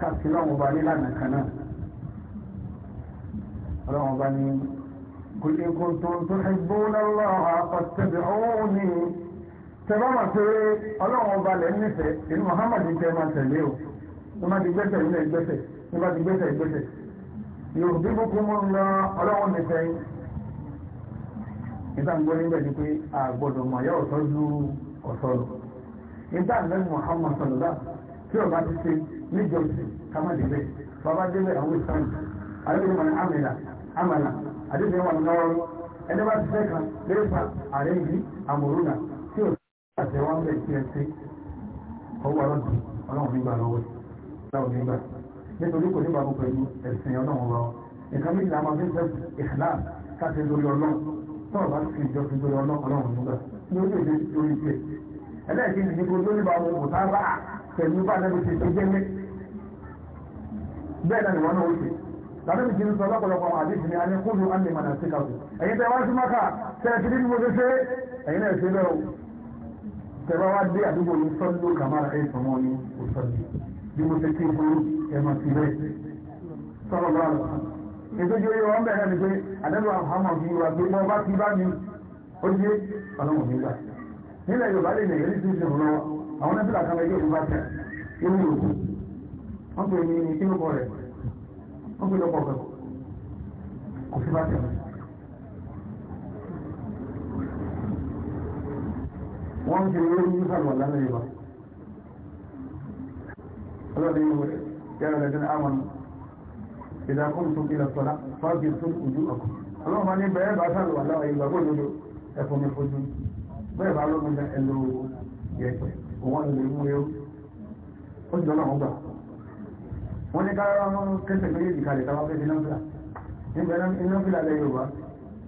káàkiri ọmọ ọba nílànà kan náà ọlọ́run ọba ní قل إن كنتم تحبون الله فاتبعوني tẹ́bá máa pé ọlọ́run ọba lẹ̀ nífẹ̀ẹ́ inú muhammad tẹ́ máa tẹ̀lé o ní bá ti gbẹ́sẹ̀ ilé ìgbẹ́sẹ̀ ní bá ti gbẹ́sẹ̀ ìgbẹ́sẹ̀ yóò bí búkú mú ń lọ ọlọ́run nífẹ̀ẹ́ yín níta ń gbọ́ níbẹ̀ ni pé àgbọ̀dọ̀ mọ̀ yá ọ̀tọ́ ju ọ̀tọ́ lọ níta lẹ́nu muhammad sọ̀rọ̀ dá tí ọba ti ṣe níjọ kama débẹ̀ bàbá débẹ̀ àwọn ìsàn àdébẹ̀ wọn àmìlà àmàlà àdébẹ̀ wọn lọ́rọ́ ẹni bá ti fẹ́ kan lẹ́fà ààrẹ yìí àmọ̀rúnà tí ò àti wọn bẹ̀ tí ẹ ṣe ọwọ́ ọlọ́dún ọlọ́run nígbà lọ́wọ́ ọlọ́run nígbà nítorí kò nígbà gbogbo ẹni ẹ̀sìn ọlọ́run lọ nǹkan méjì àwọn abẹ́fẹ́ ìhàlá káṣe lórí ọlọ́run tọ́ọ̀ bá fi ìjọ fi lórí ọlọ́run nígbà ní ó lè lórí tiẹ̀ ẹlẹ́ẹ̀kejì ní kó lórí bá wọn kò tá pẹ̀lú bá nàbí ti ṣe jẹ́lé bẹ́ẹ̀ náà ìwọ́n náà ó ṣe tàbí ti ń sọ lọ́pọ̀lọpọ̀ àwọn àdéhùn ní alẹ́ kúrò àmì ìmọ̀nà sí kàkù ẹ̀yin tẹ́ wá sí mọ́kà tẹ́ẹ̀ ti dídí mo ṣe ṣe ẹ̀yin náà ṣe bẹ́ẹ̀ o tẹ́ bá wá dé àdúgbò yìí sọ́dún kàmára ẹ̀ sọmọ ní òṣèlú bí mo ṣe kí n fún ẹ̀ mọ̀ sí bẹ́ẹ̀ sọ́dọ̀ bá lọ. ètò ìjọba wọn bẹ̀rẹ̀ ni pé àdẹ́lù àhámọ̀ fi wà pé wọ́n bá ti bá mi ó dé ọlọ́mọ̀ mi gbà nílẹ̀ Yorùbá lè nà àwọn nẹ́fìlà kan lẹ́yìn òkú bá tẹ̀ nínú òkú wọ́n pè ní inú bọ̀ rẹ̀ wọ́n pè lọ́pọ̀ kò sí bá tẹ̀ wọ́n ń kiri lórí lánàá yìí bá ọlọ́dẹ yìí wọ́n yára ní ìdá sọ́lá fáàgì tó ọkọ̀ ọlọ́mọ ní bẹ́ẹ̀ bá ẹ̀fọ́ mi fojú bẹ́ẹ̀ bá lọ́gbọ́n yẹ̀pẹ̀ òun lè mú ewu wọ́n ní kára ọmọ kẹsẹ̀ méjì ìkàlẹ̀ táwọn fẹ́ sí náà iná fìlà ilẹ̀ Yorùbá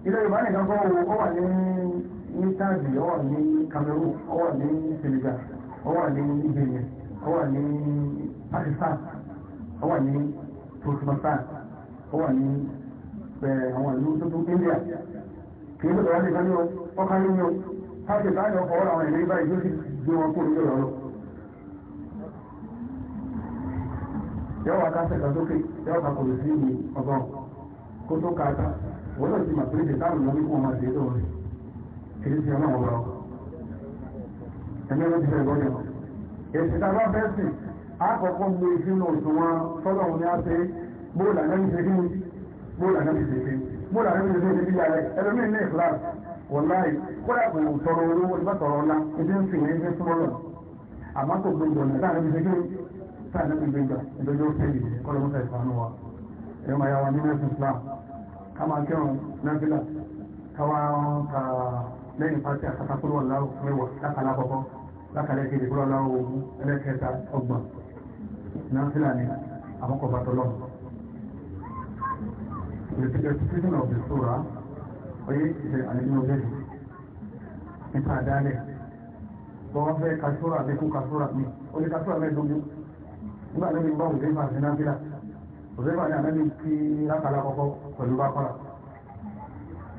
ilẹ̀ Yorùbá nìkan kọ́ ó wà ní ní táàbì ní Cameroon ní Senegal ní ní Pakistan ní Turkmenistan ní àwọn ìlú India kìí nìkan ní gbé wọn kó nílò lọ́rùn. yọ̀wọ̀ akásẹ̀ kan sókè yọ̀wọ̀ kan kò sí ìlú ọba kó tó ka ta wọ́n lọ sí màá péréte táwọn ìlú kó wọn máa ṣe é lọ́wọ́ èyí ti ọlọ́run ọba ẹ̀mí ẹ̀rọ ti fẹ́ gbọ́ èsì ta bá fẹ́ sìn àkọ́kọ́ gbé sínú òṣùwọ̀n fọ́lọ́run ní á ṣe bóòlù àgbẹ̀ ṣe kí ni bóòlù àgbẹ̀ ṣe kí ni bóòlù àgbẹ̀ ṣe kí ni bí wọláì kódà kò tọrọ olówó ìbá tọrọ ọlá ebi ń fìyà ẹgbẹ́ súnmọ́ lọ àmọ́ tó gbogbo ọ̀nà táà níbi gbẹgbẹ́ táà níbi gbẹgbà ìgbẹgbẹ́ ó fẹ́yì kọ́lọ́ mọ́ta ìfànú wa ẹ̀rọ máa yà wá nínú ẹ̀sìn Islam ká máa kẹ́rùn náfìlà káwá ka lẹ́yìn pàtí àtàkùrú ọ̀láwò mẹ́wàá lákàlá kọ́kọ́ lákàlá èkejì kúrò ọ̀láwò ogun ẹlẹ́kẹta ọgbọ̀n náfìlà ni àwọn kọ̀ọ̀bà tọ́lọ́ oye ìṣẹ̀lẹ̀ àìyàn ọ̀rẹ́ nípa àdálẹ̀ bọ́ wọ́n fẹ́ kàṣúrà àbẹ́kú kàṣúrà mi ó ní kàṣúrà mẹ́ẹ̀dógún nígbà lórí bá òṣèré fà sí náfílà òṣèré ní ànábì kí lákàlá kọ́kọ́ pẹ̀lú bá kọ́ra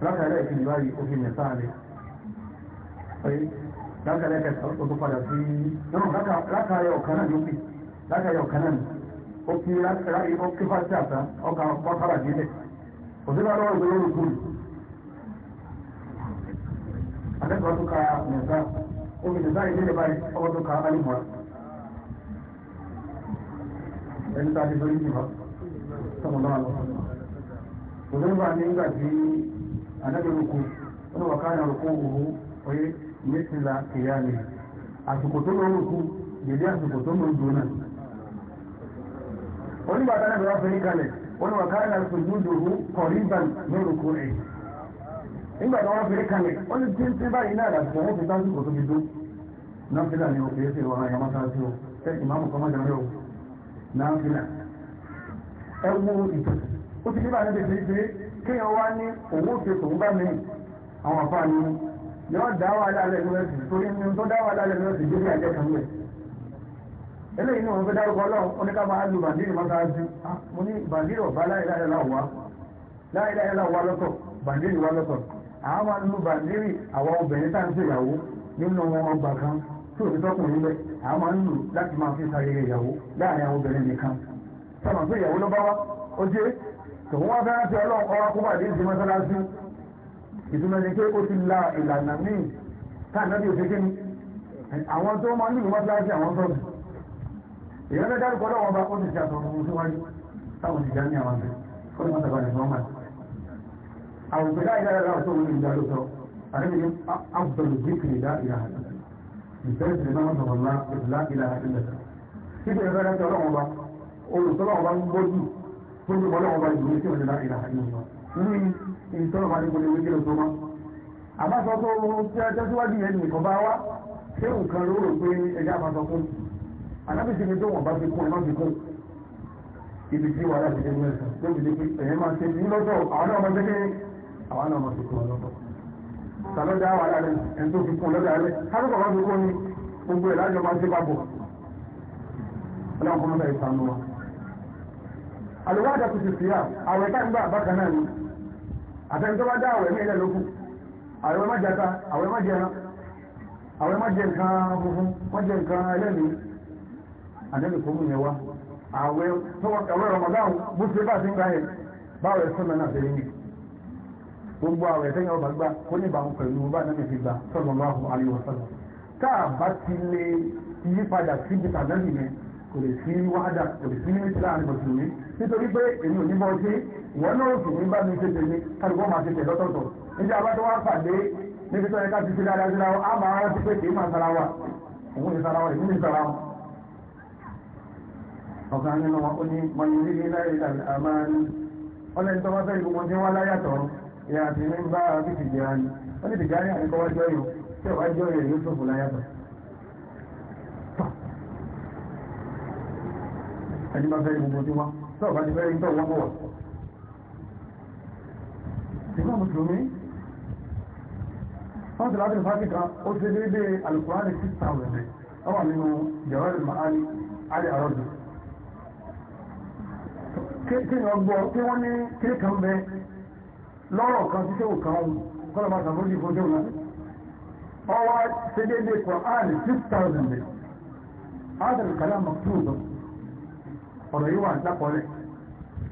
lákàlá ìkìlì báyìí ó fi yẹn sáà akẹ́kọ̀ọ́ tó ka nìsa omi nìsa yìí lè báyìí ọwọ́ tó ka alìmọ́ ẹni tá a ti lórí jùlọ sọmọlọ́wọ́ lọ. òṣèlú bá ní nígbà tí anábẹ́ rúkú wọn wà káyà rúkú òhun oyé mẹ́tìlá kìyà ni àsìkò tó lọ rúkú yèdè àsìkò tó lọ dùn náà. onígbà tánábẹ́ wá fẹ́ ní kalẹ̀ wọn wà káyà sùn dúdú kọ̀rí nígbà tí wọ́n fèrè kalẹ̀ ó ní tí ń tí báyìí náà àti ọ̀rẹ́ ti dájú kò tóbi tó náà fílà ni òkè ṣe wọ́n ayọ̀ máa sáájú ẹ ìmáàmù kan máa jẹun náà fílà ẹ wo ìtò ó ti nígbà níbi ìṣeré kéèyàn wá ní owó ṣe tòun bá mi àwọn àfa ni yóò dá wà lálẹ́ lọ́sì torí ní tó dá wà lálẹ́ lọ́sì gbé àjẹ́ kan lẹ̀ eléyìí ni wọ́n fẹ́ dárúkọ ọlọ́run ó ní ká máa lu bàndírì máa sáájú ah, mo ní bàndírì ọ̀bá láìláìlá wà lọ́tọ̀ bàndírì wà àwọn alúbà lérí àwọn obìnrin tá ń ṣe ìyàwó nínú wọn ọgbà kan tí òbí tọkùnrin bẹ àwọn máa ń lò láti máa fi ṣayẹyẹ ìyàwó láàrin àwọn obìnrin nìkan sọmọ pé ìyàwó ló bá wá ó jẹ tòun wá fẹ́ràn tí ọlọ́ọ̀kọ́ wá kó bàdé ìṣe mọ́sálásí ìtumọ̀ ni pé ó ti la ìlànà míì táàná bí òṣèké ni àwọn tó máa ń lò mọ́sálásí àwọn sọ́ọ̀bù ìyàwó dárúkọ lọ́wọ́ bá ó ti ṣàtọ̀ àwọn ìpínlẹ̀ ìdára láwọn tó wọlé ìdá ló sọ àdébí ní àbùsọ̀lù zikiri lá ìlàhà illallah ìfẹ́ ìsìn náà sọ̀rọ̀ lá ìlà ìlàhà illallah títí ẹ̀fẹ́ láti ọlọ́wọ́n ba olùsọ́lọ́wọ́n bá ń gbójú gbójú ọlọ́wọ́n ba ìlú sí ọ̀dẹ̀ lá ìlàhà illallah ní ìsọ́lọ́wọ́n bá ní gbójú wíkí lọ sọ́mọ́ àbáṣọ tó ohun tí a tẹ́síwájú yẹn nìkan bá wá ṣé nǹkan ló rò pé ẹja sọ fún àdábì sí ni àwọn náà mọ̀ sí kún wà lálẹ́ ẹni tó fi rẹ̀ kálùkọ̀ bá fi kún ní gbogbo ẹ̀ lájọ máa ṣe bá bọ̀ ọlọ́run ìsànú wa àlùwá àjà tuntun sí àwẹ̀ táǹgbà bákan náà ni àtẹnudọ́ bá dá àwẹ̀ ní ilẹ̀ lókù àwẹ̀ má àwẹ̀ má àwẹ̀ má jẹ nǹkan funfun má jẹ nǹkan mú àwẹ̀ bó ṣe bá ti ń báwẹ̀ sọ́nà náà gbogbo àwọn ẹ̀sẹ̀yìn ọba gbá kó ní ìbámu pẹ̀lú bá nàbì fi gbà sallallahu alaihi wasallam tá a bá ti lè yí padà síbi tàbí yẹn kò lè sí wáhádà kò lè sí mímí síláàrin mùsùlùmí nítorí pé èmi ò ní bọ́ sí ìwọ náà sì ní bá mi ṣe tèmi kálukọ́ máa ṣe tẹ̀ lọ́tọ̀ọ̀tọ̀ níbi abájọ́ wa pàdé níbi tó yẹ ká ti ṣe dáadáa síra wọn á máa rántí pé kìí máa sara wa òun ní sara wa èmi ní sara wọn. ọ̀kan nínú wọn ó ní mọ̀nyí nílé láyé àmàlú ọlẹ́ni tó bá ìyá àti ní bá bí Tìjàní ó ní Tìjàní àríkọ́ wá jọ yìí tí ó wá jọ yìí yóò tó fòlá yàtọ̀ ẹni bá fẹ́ gbogbo tí wọ́n tó ọ̀bá ti fẹ́ rí tó wọ́n bọ̀ ṣùgbọ́n mùsùlùmí wọ́n ti láti fásitì kan ó ti dédé alùpùránì 6000 ọwà àrọ́dù kí ni ọgbọ́ kí wọ́n ní kí kan bẹ́ẹ̀ lọ́rọ̀ kan tí sẹ́wò kan ọ̀hún kọ́lá máa sàmójì fún sẹ́wò láti ọwá sẹ́dẹ́dẹ́ Kùránì 6,000 adàlù kàlá mọ̀túùdọ̀ ọ̀rọ̀ yìí wà lápọ̀lẹ̀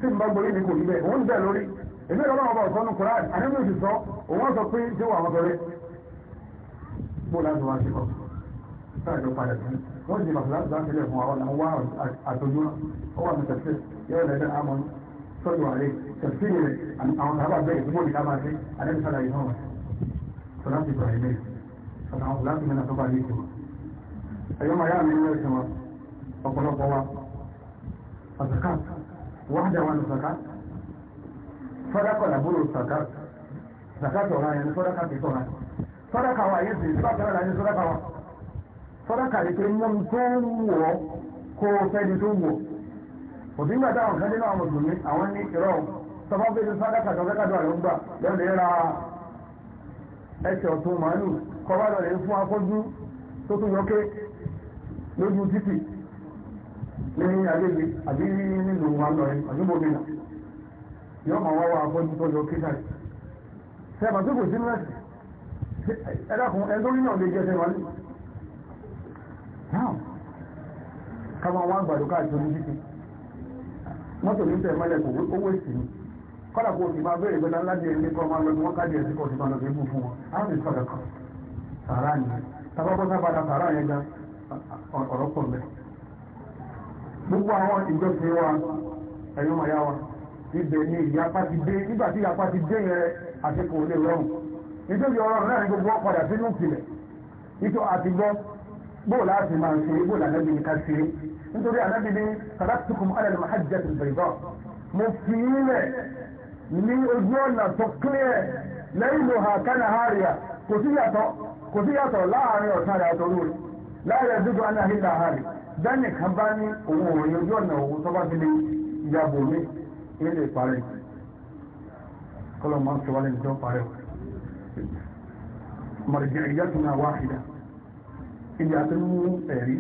tí n bá gbọ́lé ní kò rí bẹ́ẹ̀ òun bẹ́ẹ̀ lórí èmi ìrọ̀lọ́ ọba ọ̀sán ní Kùránì àdébí òsì sọ òun sọ pé sẹ́wò àwọn bẹ̀rẹ̀ bó láti wá sí kọ́ sáà ló padà sí wọ́n sì màfìlá sọ́dọ̀ ààrẹ tẹ̀síìrì rẹ̀ àwọn sábà bẹ́ẹ̀ ìgbìmọ̀ ní kábàá sí alẹ́bísàlà yìí náà sọ̀rọ̀ ti bàrẹ̀ mẹ́rin sọ̀rọ̀ àwọn láti mẹ́rin tó bá ní ìkọ̀ ẹ̀yọ́ máa yára nínú ẹ̀sìn wa ọ̀pọ̀lọpọ̀ wa ọ̀sàkà wájà wa ní ọ̀sàkà sọ́dákọ̀ làbúrò ọ̀sàkà sàkà tọ̀ra ẹni sọ́dákà ti tọ̀ra sọ́dákà wa yé sí sọ́dákà wa yé sọ́dákà wa sọ́dákà yìí pé mọ́ tó wọ̀ kó fẹ́ni tó wọ̀ òbí gbà táwọn kan nínú àwọn mùsùlùmí àwọn ní ìrọ̀ sọfá fèsì sádàkà tọ́fẹ́kàtà ló ń gbà lọ́dẹ̀ ra ẹsẹ̀ ọ̀tún màálù kọ́wá lọ́dẹ̀ fún afọ́jú tó tún yọké lójú títì ní agbègbè àbí nílùú wa lọ yọ máa ní. mọ́tò ní tẹ̀ mọ́lẹ̀ kò owó èsì ni kọ́dà kò sì máa bẹ̀rẹ̀ gbẹ́dá ńlá díẹ̀ ní kọ́mọ́ lọ́dún wọ́n káàdì ẹ̀sìn kọ́ọ̀tù kan lọ́dún fún wọn á ní sọ̀rọ̀ kan sàrà ni tabakọ́ sábàdà sàrà yẹn gan ọ̀rọ̀ pọ̀ mẹ́. gbogbo àwọn ìjọsìn wa ẹ̀yọ́ mọ̀ yá wa ibẹ̀ ni ìyapa ti dé nígbà tí ìyapa ti dé yẹn àsìkò lè rọrùn nítorí ọ̀rọ̀ náà gbogbo ọ̀padà sínú ìpìlẹ̀ nítorí bóòlù àti nítorí ànábì ní taraktukum ala al-mahajjati al-bayda mo fi ilẹ̀ ní ojú ọ̀nà tó kílẹ̀ layluha kanahariha kò sí yàtọ̀ kò sí yàtọ̀ láàrin ọ̀sán rẹ̀ àtọ̀rú rẹ̀ láàrin ẹ̀dúgbò anáhìlá hari dání kan bá ní òun òun ojú ọ̀nà òun tó bá fi lè yàgò mi ilé ìparẹ́ kọ́lọ̀ máa ń sọ wálé nítorí parẹ́ marja'iyatuna wahida ìyàtọ̀ mú ẹ̀rí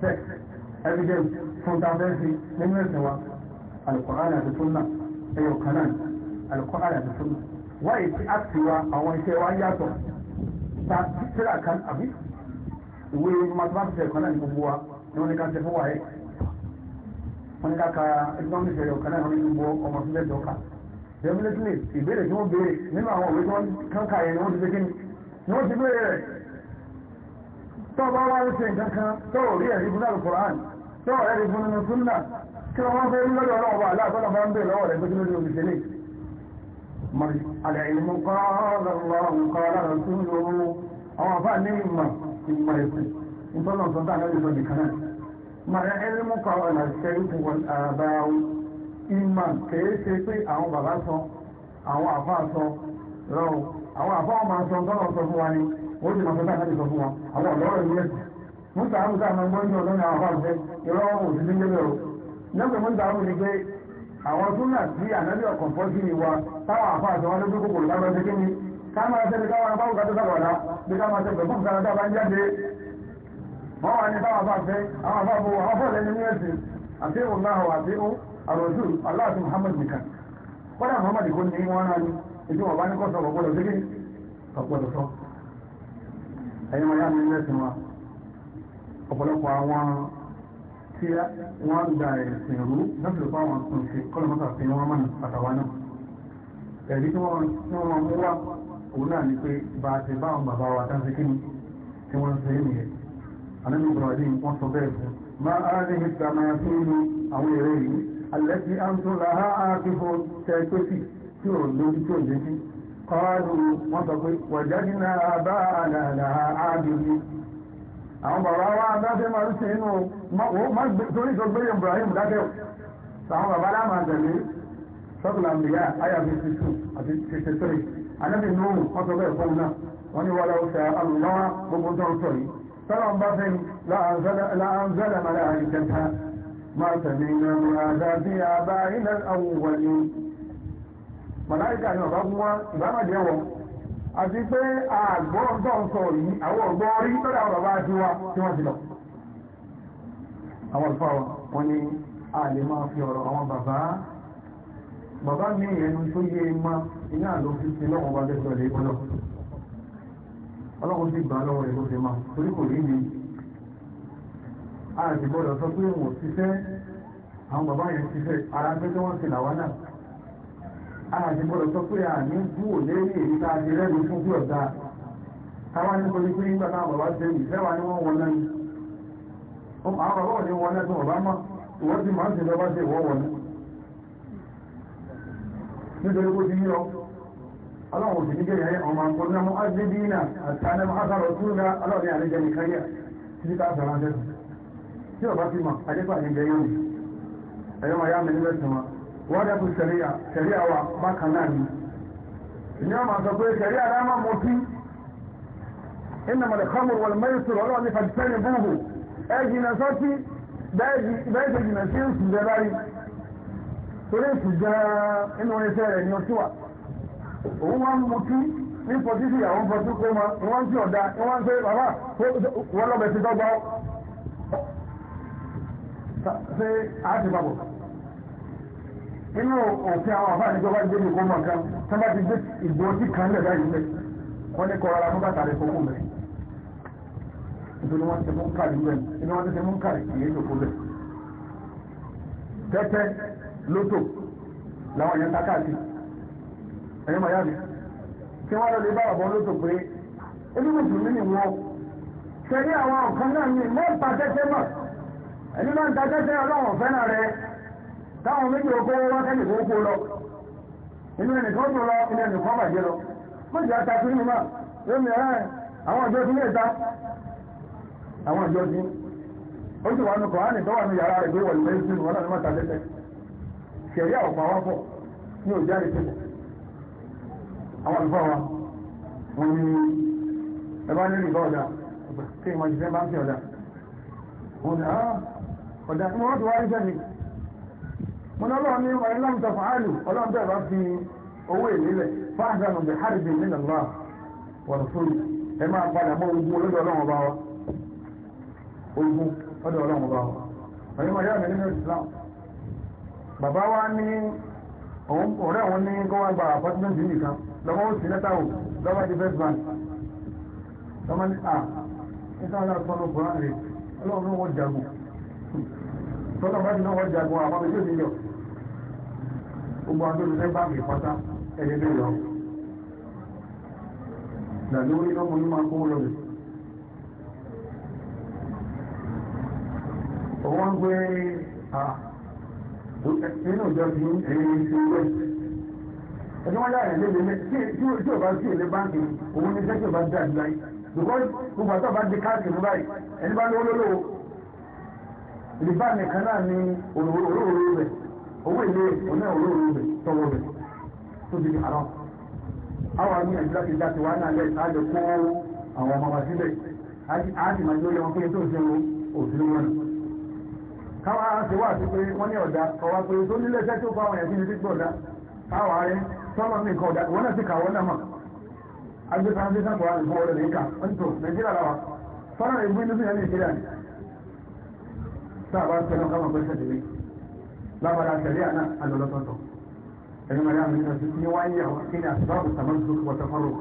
sẹ́ẹ̀sì evidence fún tàbẹ́sì nínú ẹ̀sìn wa alukọ̀hánà àti súnà ẹ̀yọ̀ kanáà alukọ̀hánà àti súnà wáyé tí a ti wa àwọn iṣẹ́ wa yàtọ̀ ta títíra kan àbí ìwé mathematics ẹ̀kọ́ náà ní gbogbo wa ní wọ́n ní ká ṣe fún wáyé wọ́n ní ká ka economics ẹ̀yọ̀ kanáà ní gbogbo ọmọ sílẹ̀ dọ́ka definitely ìbéèrè tí wọ́n béèrè nínú àwọn òwe tí wọ́n kánká yẹn ni wọ́n ti ṣe kí ni wọ́n ti béèrè rẹ̀ tó bá wá ń ṣe nǹkan kan tó rí ẹ̀rí fún àlùkùránì tó ọ̀rẹ́ ti fún un kí wọ́n fẹ́ lọ́dọ̀ ọlọ́wọ́ bá ń bèèrè lọ́wọ́ rẹ̀ gbẹ́gbẹ́ lórí olùsẹ́lẹ̀ العلم ìrọ̀rùn sí ní na o lẹ́gbẹ̀ẹ́ mọ́ ìdáhùn ni pé àwọn súnà sí ànábì ọ̀kan fọ́ sí ìwà táwọn àfa àti wọn lójú kòkòrò lábẹ́ na kíni ká máa ṣe ká máa báwùká tó sàbàdá bí ká máa ṣe pẹ̀lú fúnfún sáradá bá ń jáde wọ́n wà ní táwọn àfa àwọn àwọn ní ẹ̀sìn àti àti àròjù nìkan kọ́dà kò ní náà ìdí wọn bá ní kọ́sọ̀ tí wọ́n gba ẹ̀sìn rú lọ́sọ̀rọ̀ àwọn tó ń kọ́lọ̀ mọ́ta fi wọ́n mọ̀ pàtàwà náà ẹ̀rí tí wọ́n máa mú wá òun náà ni pé bá a ti bá àwọn bàbá wa tán kí ni tí wọ́n ń ṣe nìyẹn àlejò ìbùrọ̀dí wọ́n sọ bẹ́ẹ̀ fún máa á ní ìgbà máa fi ń àwọn èrè yìí a sọ pé náà bá àwọn bàbá torí sọ gbé Ibrahim dákẹ́ sàwọn bàbá láàmà àgbẹ̀lé sọ́kùlà àmìyá àyà fifty two àti fifty three anábì nùhùn wọ́n sọ bẹ́ẹ̀ fún un náà wọ́n ní wọ́n lọ́wọ́ sẹ́ àlùmọ́wá gbogbo tó ń sọ yìí sọ́nà ń bá fẹ́ láàánzẹ́lẹ̀ màlá àìjẹta máa tẹ̀lé ìrìnàmù àdábí àbá ilẹ̀ àwùwọ̀lì màláìkà ni ọ̀bá fún wọn àti àwọn ìfà wọn ni a lè máa fi ọ̀rọ̀ àwọn bàbá bàbá ní ẹnu tó yé e ma iná ló fi ṣe lọ́wọ́ bá lẹ́sọ̀ rẹ̀ gbọ́dọ̀ ọlọ́run sì gbà lọ́wọ́ rẹ̀ ló ma torí kò rí mi a sì gbọ́dọ̀ sọ pé wọn ò ṣiṣẹ́ àwọn bàbá yẹn ṣiṣẹ́ ara pé kí wọ́n ti làwa náà a sì gbọ́dọ̀ sọ pé àní bú ò lérí èyí tá a ti rẹ́nu fún bí ọ̀dà táwa ní kò ní pé nígbà táwọn bàbá ṣe ìfẹ́ wa ni wọ́n wọ náà àwọn ọlọ́wọ́ ní wọlé tó ọ̀lá mọ́ ìwọ́n ti máa ń tẹ̀lé bá ṣe ìwọ́ wọlé nítorí kó ti yíyọ ọlọ́wọ́ sì ní kéèyàn yẹ ọmọ àkọ́nà mọ́ ádébínà àtàlẹ́ mọ́ àtàlọ́ tó ga ọlọ́wọ́ ní àlejò ní káyà títí ká sọ̀rọ̀ àjẹ́ tí ọba ti mọ̀ àjẹ́pà ní gẹ̀yọ́ ni ẹ̀yọ́ máa yá mi níbẹ̀ tó wọn wọ́n dẹ́kun sẹ̀ríà sẹ̀ríà wa bákan náà ni ìyá máa sọ pé sẹ̀ríà rẹ̀ máa mọ̀ sí ìnàmọ̀lẹ̀kọ́mù wọ̀lẹ̀mẹ́yìí ẹ jìnà sọ́tí bẹ́ẹ̀ ṣe jìnà sí oṣù jẹ báyìí torí oṣù gan-an nínú iṣẹ́ rẹ̀ ni ó tún wà òun wá ń mú kí ní pọtísì àwọn pọtí kó ma wọ́n ń tí ọ̀dá wọ́n ń pé bàbá wọ́n lọ́bẹ̀ ti dọ́gba ọ́ ṣe àti bàbọ̀ inú òfin àwọn àfáà níjọba gbé ní kó mọ̀ nǹkan tí ti gbé ìgbó tí kan lẹ̀ báyìí lẹ̀ wọ́n ní kọ́ ara fún bàtà rẹ̀ fọ́kùn rẹ̀ ìgbó ni wọ́n ti mú kàrí rẹ̀ inú wọn ti ti mú kàrí kìí lòkó rẹ̀ tẹ́tẹ́ lótò làwọn èèyàn takáàtì ẹ̀yìn mayami tí wọ́n lọ lè bá ọ̀bọ̀n lótò pé ebi mùsùlùmí ni wọ́n ṣe ní àwọn ọ̀kan náà ní mẹ́ta tẹ́tẹ́ mọ̀ ẹni máa ń ta tẹ́tẹ́ ọlọ́wọ̀n fẹ́nà rẹ̀ táwọn méjì okó wọn kẹ́lì kókó lọ inú ẹnìkan tó lọ inú ẹnìkan bàjẹ́ lọ mọ́jì àtàkùn àwọn ìjọ sí ó sì wà ní kọ̀hánì tó wà ní yàrá rẹ̀ pé wọ̀lú lẹ́yìn wọn láti mọ́ta lẹ́sẹ̀ ṣẹ̀rí àwọn pàwọ́ pọ̀ ní òjì àìsíkò àwọn àlùfọ́ wa wọ́n ní ẹbá nílùú ọ̀dà kí ìmọ̀ bá ń fi ọ̀dà wọ́n ní ah, ọ̀dà tí wọ́n ti wá iṣẹ́ mi mo ní ọlọ́run ní fi owó èlé lẹ̀ bẹ̀ hàrìbì ogun ọdọ̀ ọlọ́run bá wọn ọ̀yọ́ ọ̀yọ́ mi nínú Islam bàbá wa ní ọ̀rẹ́ òun ní kọ́wá gba apartment nìkan lọ́wọ́ ó sì lẹ́tà ò lọ́wọ́ di first bank lọ́wọ́ ní à nígbà wọn lọ́wọ́ tọ́lọ́ kùrán rè ọlọ́run náà wọ́n jagun tọ́lọ́ bá ti náà wọ́n jagun àwọn ọmọ yóò níyọ̀ gbogbo àdúrà ní báńkì pátá ẹ̀yẹ́ bẹ́ẹ̀ lọ làdúrà ní ọmọ yóò máa kó lọ́wọ́ wọ́n gbé inú ìjọ bí èyí ti wé ẹni wọ́n yára ẹ̀lẹ́gbẹ̀ lé tí tí ò bá sí èlé báńkì òun ní sẹ́kì bá dé àdúrà yìí bùkọ́ gbogbo àtọ́ bá di káàkì mú báyìí ẹni bá lówó lówó ìdìbà nìkan náà ni òróró rẹ̀ owó èlé òní òróró rẹ̀ tọwọ́ rẹ̀ tó ti di àrọ́ àwọn àmì ẹ̀dúrà ti dá ti wá náà lẹ́yìn á lè kó àwọn ọmọ wa sílẹ̀ á sì máa yọ yẹ pé tó ń ṣe òṣèlú wọn káwá ṣe wà sí pé wọ́n ní ọ̀dá kọwa pé tó nílé iṣẹ́ tó fáwọn ẹ̀fí ní pípọ̀ ọ̀dá káwà rí sọ́lọ́ ní nǹkan ọ̀dá wọ́n náà sì kàwọ́ náà mọ̀ agbésánfésán kọ̀wá nǹkan ọ̀rẹ́ nìkà ńtò nàìjíríà làwà sọ́lọ́ ìbú inú sí nàìjíríà ni sáàbà sẹ́lọ́ káwọn pé ṣẹ̀dẹ̀lé lábàrá ṣẹ̀lẹ́ àná alọ́lọ́tọ̀tọ̀ ẹni mẹ́rin àmì nínú sí ní wáyé àwọn kí ni àṣìbáàbù sàmọ́sù wọ́tọ̀fọ́rọ̀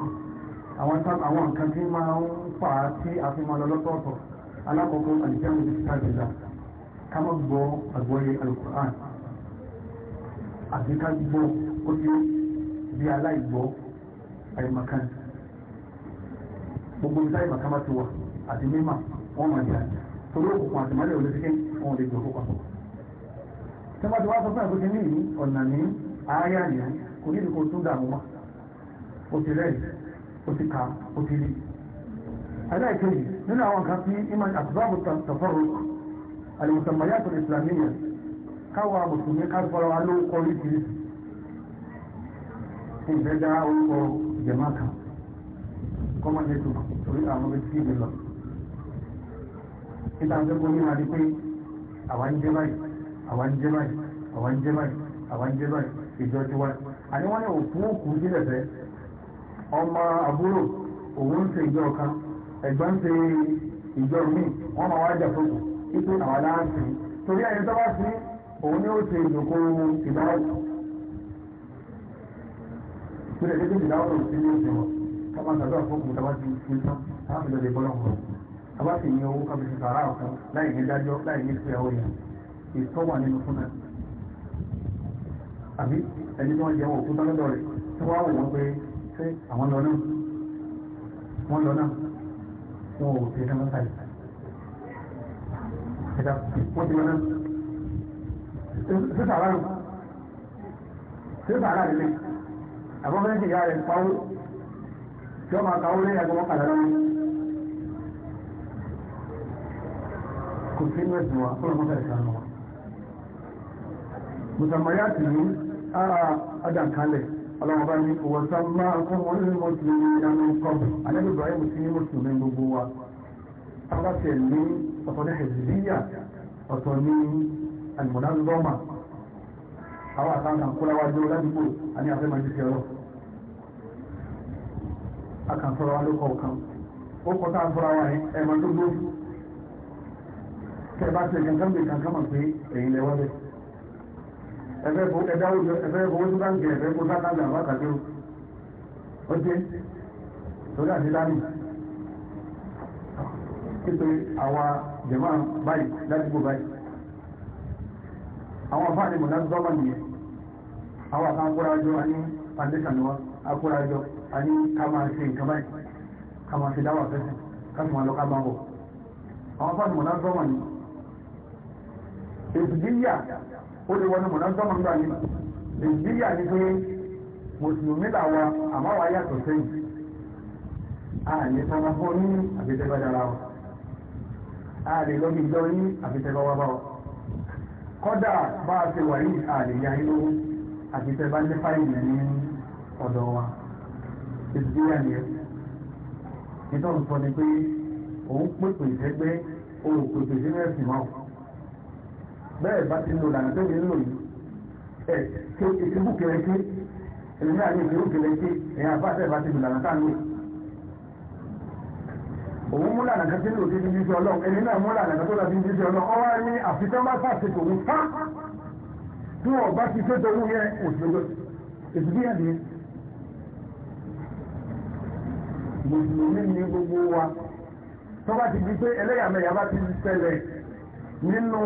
àwọn nǹkan tí máa ń fà á sí àfihàn lọ́lọ́tọ̀ọ̀tọ̀ alákọ̀ọ́kọ́ àlìjẹ́mù ìsìkájìlá ká má gbọ́ àgbọ́yé alukur'an àti ká gbọ́ ó ti bí aláìgbọ́ àìmọ̀kan gbogbo ìta ìmọ̀kan bá ti wà àti mímà wọ́n máa jà torí òkùnkùn àti mọ́lẹ̀ òlé síkẹ́ wọn lè gbọ́ pọ̀ tí wọ́n ti wá sọ fún àgbẹ̀kẹ́ ní ìní ọ̀nà ní ààyè àyè kò ní ìdíkò tún dààmú mọ́ ó ti rẹ̀ ó ti kà ó ti rí aláìkejì nínú àwọn kan tí ìmọ̀ àtúbàbò tàfọ́rọ̀ àlùmùsàmáyàtò ìsìlámíyà káwà mùsùlùmí ká fọ́ra wa fún ìgbẹ́dá orúkọ jẹ̀má torí àwọn ọmọ ní ma pé àwa jẹ́ báyìí jẹ́ báyìí jẹ́ báyìí ti wá títí àwọn aláǹsì torí ẹni tó bá sí òun ni ó ṣe ìdòkó ìdáwọ́tò tó lè dédé ìdáwọ́tò sí ní oṣù wọn ká máa tàbí àfọkù tá a bá ti fi tán á fi lọ́dẹ bọ́lá wọn a bá sì ní owó ká fi sàárà ọ̀kan láì ní dájọ́ láì ní fi àwọn èèyàn ìtọ́ wà nínú fún náà àbí ẹni tó ń jẹ́ òkú tọ́lọ́dọ̀ rẹ̀ tí wọ́n á wò wọ́n pé ṣé àwọn lọ náà wọ́n lọ náà wọn ò tẹ̀lé mọ́tàlì ẹ̀dá wọ́n ti wọ́n náà sísà wárò sísà aláàrẹ̀ lè àbọ̀fẹ́ ti yá rẹ̀ pawó tí wọ́n máa kawó lé ẹgbẹ́ wọn kàdà lọ́wọ́ kò sí inú ẹ̀sìn wa ó lọ́mọ fẹ́rẹ̀ sànù wa mùsàmáyà tì ní ara ọjà kalẹ̀ ọlọ́wọ́ bá ní ìwọ̀sá máa kọ́ wọn ní mọ́tò ní ìyanu kọ́bù alẹ́ ọ̀tọ̀ ní hezbollah ọ̀tọ̀ ní almunazoma àwọn àtàkà kúláwájú ládùúgbò a ní afẹ́ màjú a kan ó kọ́ a sọ̀rọ̀ wa yẹn ẹ̀mọ́ tó gbó kẹ kankan bí kankan mọ̀ pé èyí ebe bẹ́ẹ̀ ebe fowó tó na ń gẹ̀ ẹ̀fẹ́ fowó jẹ̀mọ́ bayi ládùúgbò báyìí bayi afá ni mọ̀lá zọ́mà nìyẹn àwọn a ní foundation wa akórajọ a ní kamar máa ṣe nǹkan báyìí ká máa ṣe dáwà fẹ́sẹ̀ ká sì máa lọ ká bá wọ̀ àwọn afá ni mọ̀lá zọ́mà ni èsìdíyà ó lè wọnú mọ̀lá zọ́mà nígbà ní èsìdíyà ni pé mùsùlùmí làwa àmáwá ààrẹ lọ́bí ìjọ yí àfitẹ́lọ́wọ́ bá wa kọ́dà bá a wà ní ààrẹ ya yín lówó ní fáìlì ní ọ̀dọ̀ wa ìdíyà ni ẹ sọ ni pé òun pèpè ìfẹ́gbẹ́ òun pèpè sínú ẹ̀sìn bẹ́ẹ̀ bá ti lànà tó ní lò yìí ẹ̀ ṣe ìṣubú kẹrẹkẹ ẹ̀yìn náà ní kẹrẹkẹ ẹ̀yìn àbáṣẹ́ bá ti lànà òun múlà nàkà tí ló ti di jíṣẹ́ ọlọ́run ẹni náà múlà nàkà tó láti jíṣẹ́ ọlọ́run ọwọ́ ní àfitán bá fàṣẹ tòun fá tí wọ́n bá ti fẹ́ tòun yẹ òṣèlú èsì bí ẹ̀dí mùsùlùmí ni gbogbo wa tó bá ti di pé ẹlẹ́yàmẹ̀yà bá ti ṣẹlẹ̀ nínú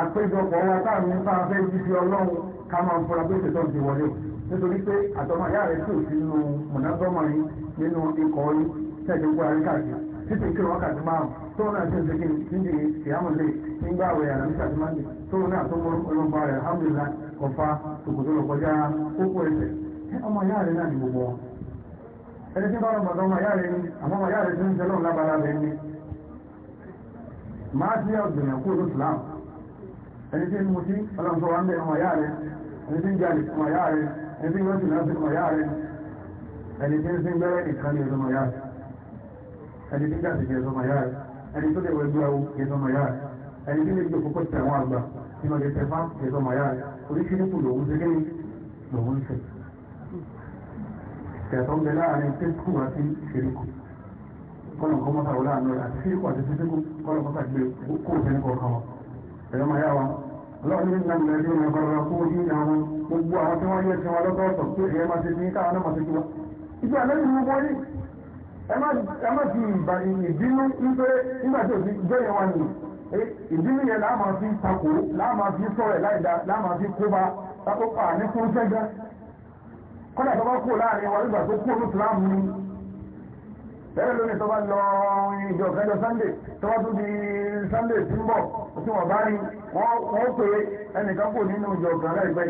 àpéjọpọ̀ wa táà ní sáà fẹ́ jíṣẹ́ ọlọ́run ká máa fọra pé ṣètọ́ ti wọlé nítorí pé àtọmọ̀ ìyá rẹ̀ kò sínú mọ̀nàdọ́mọ̀ yìí nínú ikọ̀ yín tẹ̀lé gbọ́ àríkàjì títí kí wákàtí márùn tó náà ṣe ṣe kí níbi ìyàmù lè ń gbà wẹ̀ àrà níta máa dì tó náà tó mọ ọlọ́mọba rẹ̀ kọfà tòkòtò lọ kọjá kókó ẹsẹ̀ ọmọ ìyá rẹ̀ náà gbogbo wọn. ẹni tí ọmọ ìyá rẹ̀ àmọ́ ọmọ ìyá rẹ̀ ń lábára rẹ̀ máa ti yà ẹni tí ń sín gbẹ́rẹ́ nìkan ní ẹ̀sọ́mọ̀ yára ẹni tí ń dàbí ní ẹ̀sọ́mọ̀ yára ẹni tó lè wọ ẹgbẹ́ awo ẹ̀sọ́mọ̀ yára ẹni tí lè gbé kókó tẹ àwọn àgbà tí wọ́n lè tẹ fá ẹ̀sọ́mọ̀ yára oríṣiríṣi lòun ṣe kéyìn lòun ṣe ẹ̀sọ́ ń bẹ láàrin tẹ́kù àti ṣeríkù kọ́nà mọ́ta wọlé àná àti ṣeríkù àti ṣeríkù kọ́nà kọ́ta kó iṣẹ́ àlẹ́yìn ní wọ́n ní ẹ má ti ìbàní ìbínú wípé nígbà tí òfin ìjọ yẹn wà ní ìbínú yẹn láàmà fi takò láàmà fi sọ̀rọ̀ láìda láàmà fi kóbá tako pa ní fún sẹ́gá kọ́dà tó bá kú láàrin wa nígbà tó kú olóṣù láàmú ni bẹ́ẹ̀ lónìí tó bá lọ ìjọ kẹjọ sunday tó bá tún di sunday tí ń bọ̀ tí wọ́n bá rí wọ́n pè é ẹnìkan kò nínú ìjọ kan láìpẹ́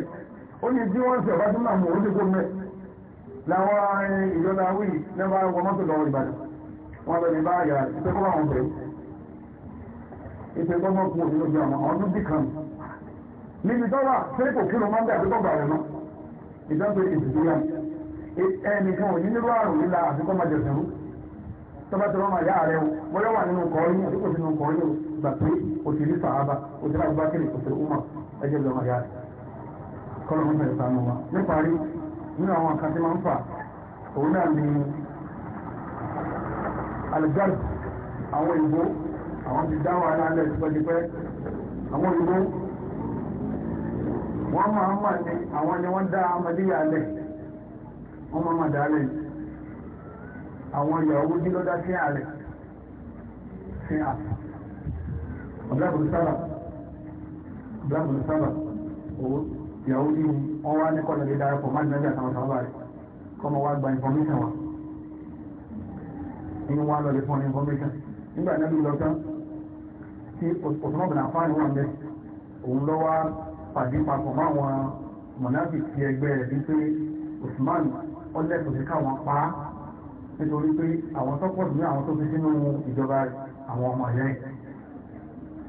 ó ní bí wọ́n ń sọ̀rọ̀ bá tún náà mọ̀ ó ti kó mẹ́ẹ̀ láwọn ìjọba wíì lẹ́bàá wọ mọ́tò lọ Ìbàdàn wọ́n lọ ní báyà ìṣẹ́kọ́bà wọn pẹ̀lú ìṣẹ́kọ́bà fún òṣèlú ìjọ àwọn ọdún bí kan níbi tọ́wà sẹ́kọ̀ kí ló máa ń bẹ̀ àtúkọ̀gbà rẹ̀ náà ìjọba ìṣẹ́kọ́bà ẹnìkan ò ní nílò àrùn nílà àtúkọ̀ máa jẹ̀sẹ̀ rú tọ́ba tí wọ́n máa yá ààrẹ o bọ́lá wà nínú kọ́ yín àdúgbò sínú kọ́ yín o gbà pé o ti rí sàábà o ti rí àgbákẹ́lẹ̀ kòtò ọmọ ẹjẹ́ lọ́mọ yá rẹ̀ kọ́lọ́mọ́ fẹ̀rẹ̀ sànù wa níparí nínú àwọn nǹkan tí máa ń fà òun náà ni alìjáde àwọn ìbò àwọn ti dá àwọn wọ́n ń ní àwọn ni wọ́n dá amadíyà lẹ̀ wọ́n dá lẹ̀ àwọn ìyàwó lọ́dá sí àlẹ̀ sí ìyàwó yìí wọ́n wá ní kọ́lọ̀ lè darapọ̀ má nígbà táwọn sábà rẹ̀ wá gba information wa inú wa lọ lè fún ọ ní information nígbà náà ló lọ tán tí òtún ọ̀bìnrin òun lọ wá pàdé papọ̀ mọ́ àwọn ti ẹgbẹ́ rẹ̀ Usman ọlẹ́kùn sí káwọn pa nítorí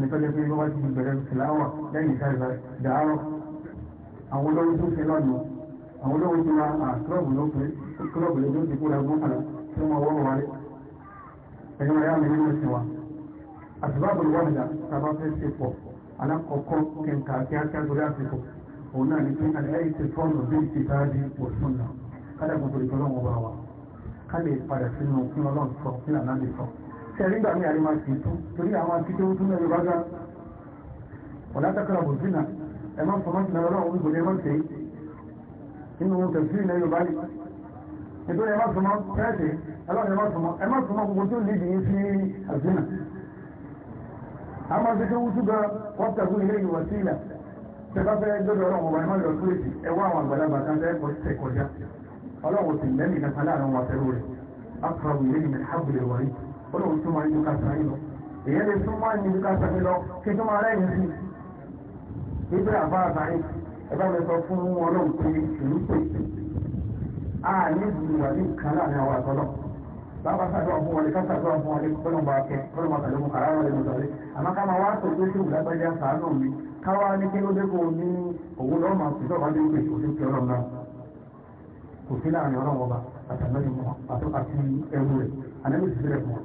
nìkan jẹ́ pé wọ́n bá ti bẹ̀rẹ̀ fìláwà lẹ́yìn ìsáìlá dàárọ̀ àwọn olórin tó ṣe lọ́nà àwọn olórin tó ra àkúrọ̀bù ló pé kúrọ̀bù ló ti kúra gbọ́kànlá tí wọ́n wọ́n wálé ẹ̀yọ́ ẹ̀yà mi nínú ìsìn wa àtìbábò wàlìlà tàbá fẹ́ ṣe pọ̀ alákọ̀ọ́kọ́ kẹǹkà kíákíá torí àsìkò òun náà ní pé alẹ́ ẹ̀yìn ti fọ́ọ̀nù bí ti bá di òṣùn náà kádàgbọ̀n torí tọ́lọ́wọ́ bá wa ká lè padà sínú kí ọlọ́run sọ kí lànà lè sọ tẹ̀rígbà ní àríwá sí torí àwọn akíkẹ́ ohun tún lẹ́yìn bájá ọ̀látàkàrà bòsínà ẹ̀mọ́ fọmọ́sí náà lọ́wọ́ orí gbòdé wọ́n tẹ̀ nínú ohun tẹ̀sí ilẹ̀ Yorùbá yìí nítorí ẹ̀mọ́ fọmọ́ pẹ́ẹ̀tẹ̀ ọlọ́run ẹ̀mọ́ fọmọ́ ẹ̀mọ́ fọmọ́ gbogbo tó lè dìyẹ sí àzínà àwọn akíkẹ́ ohun tún gan wọ́n tẹ̀kú ilé ìwọ̀ sí ilẹ̀ tẹ́fẹ́fẹ́ gbọ́dọ̀ ọlọ́run ọba ẹ̀mọ́ ìrọ̀kúrò ẹ̀wọ́ àwọn àgbàlagbà kan fẹ́ kọjá ọlọ́run sì lẹ́mìí olóhùn tó máa ń dúkà sáré lọ èyàn lè súnmọ́ ní dúkà sáré lọ kí tó máa rẹ́yìn sí ibi àbá àbáyé ẹ bá mi sọ fún ọlọ́run pé ìlú pè á ní ìgbìmọ̀ ní kan láàrin àwọn àtọ́lọ́ bàbá sàdúrà fún wọlé kásà sàdúrà fún wọlé kọlọmọ akẹ kọlọmọ àtàlẹmọ àràwọ ẹnu sọlẹ àmọ́ ká máa wá sọ tó ṣe ìgbàgbájá sàánù mi káwá ní kí ló dé kó ní òun lọ́wọ́ máa fi sọ́kàn lórí òṣèlú ti ọlọ́run náà kò sí láàrin ọlọ́run ọba àtàlẹ́mọ àti ẹrú rẹ̀ ànẹ́mí ti sílẹ̀ fún wọn.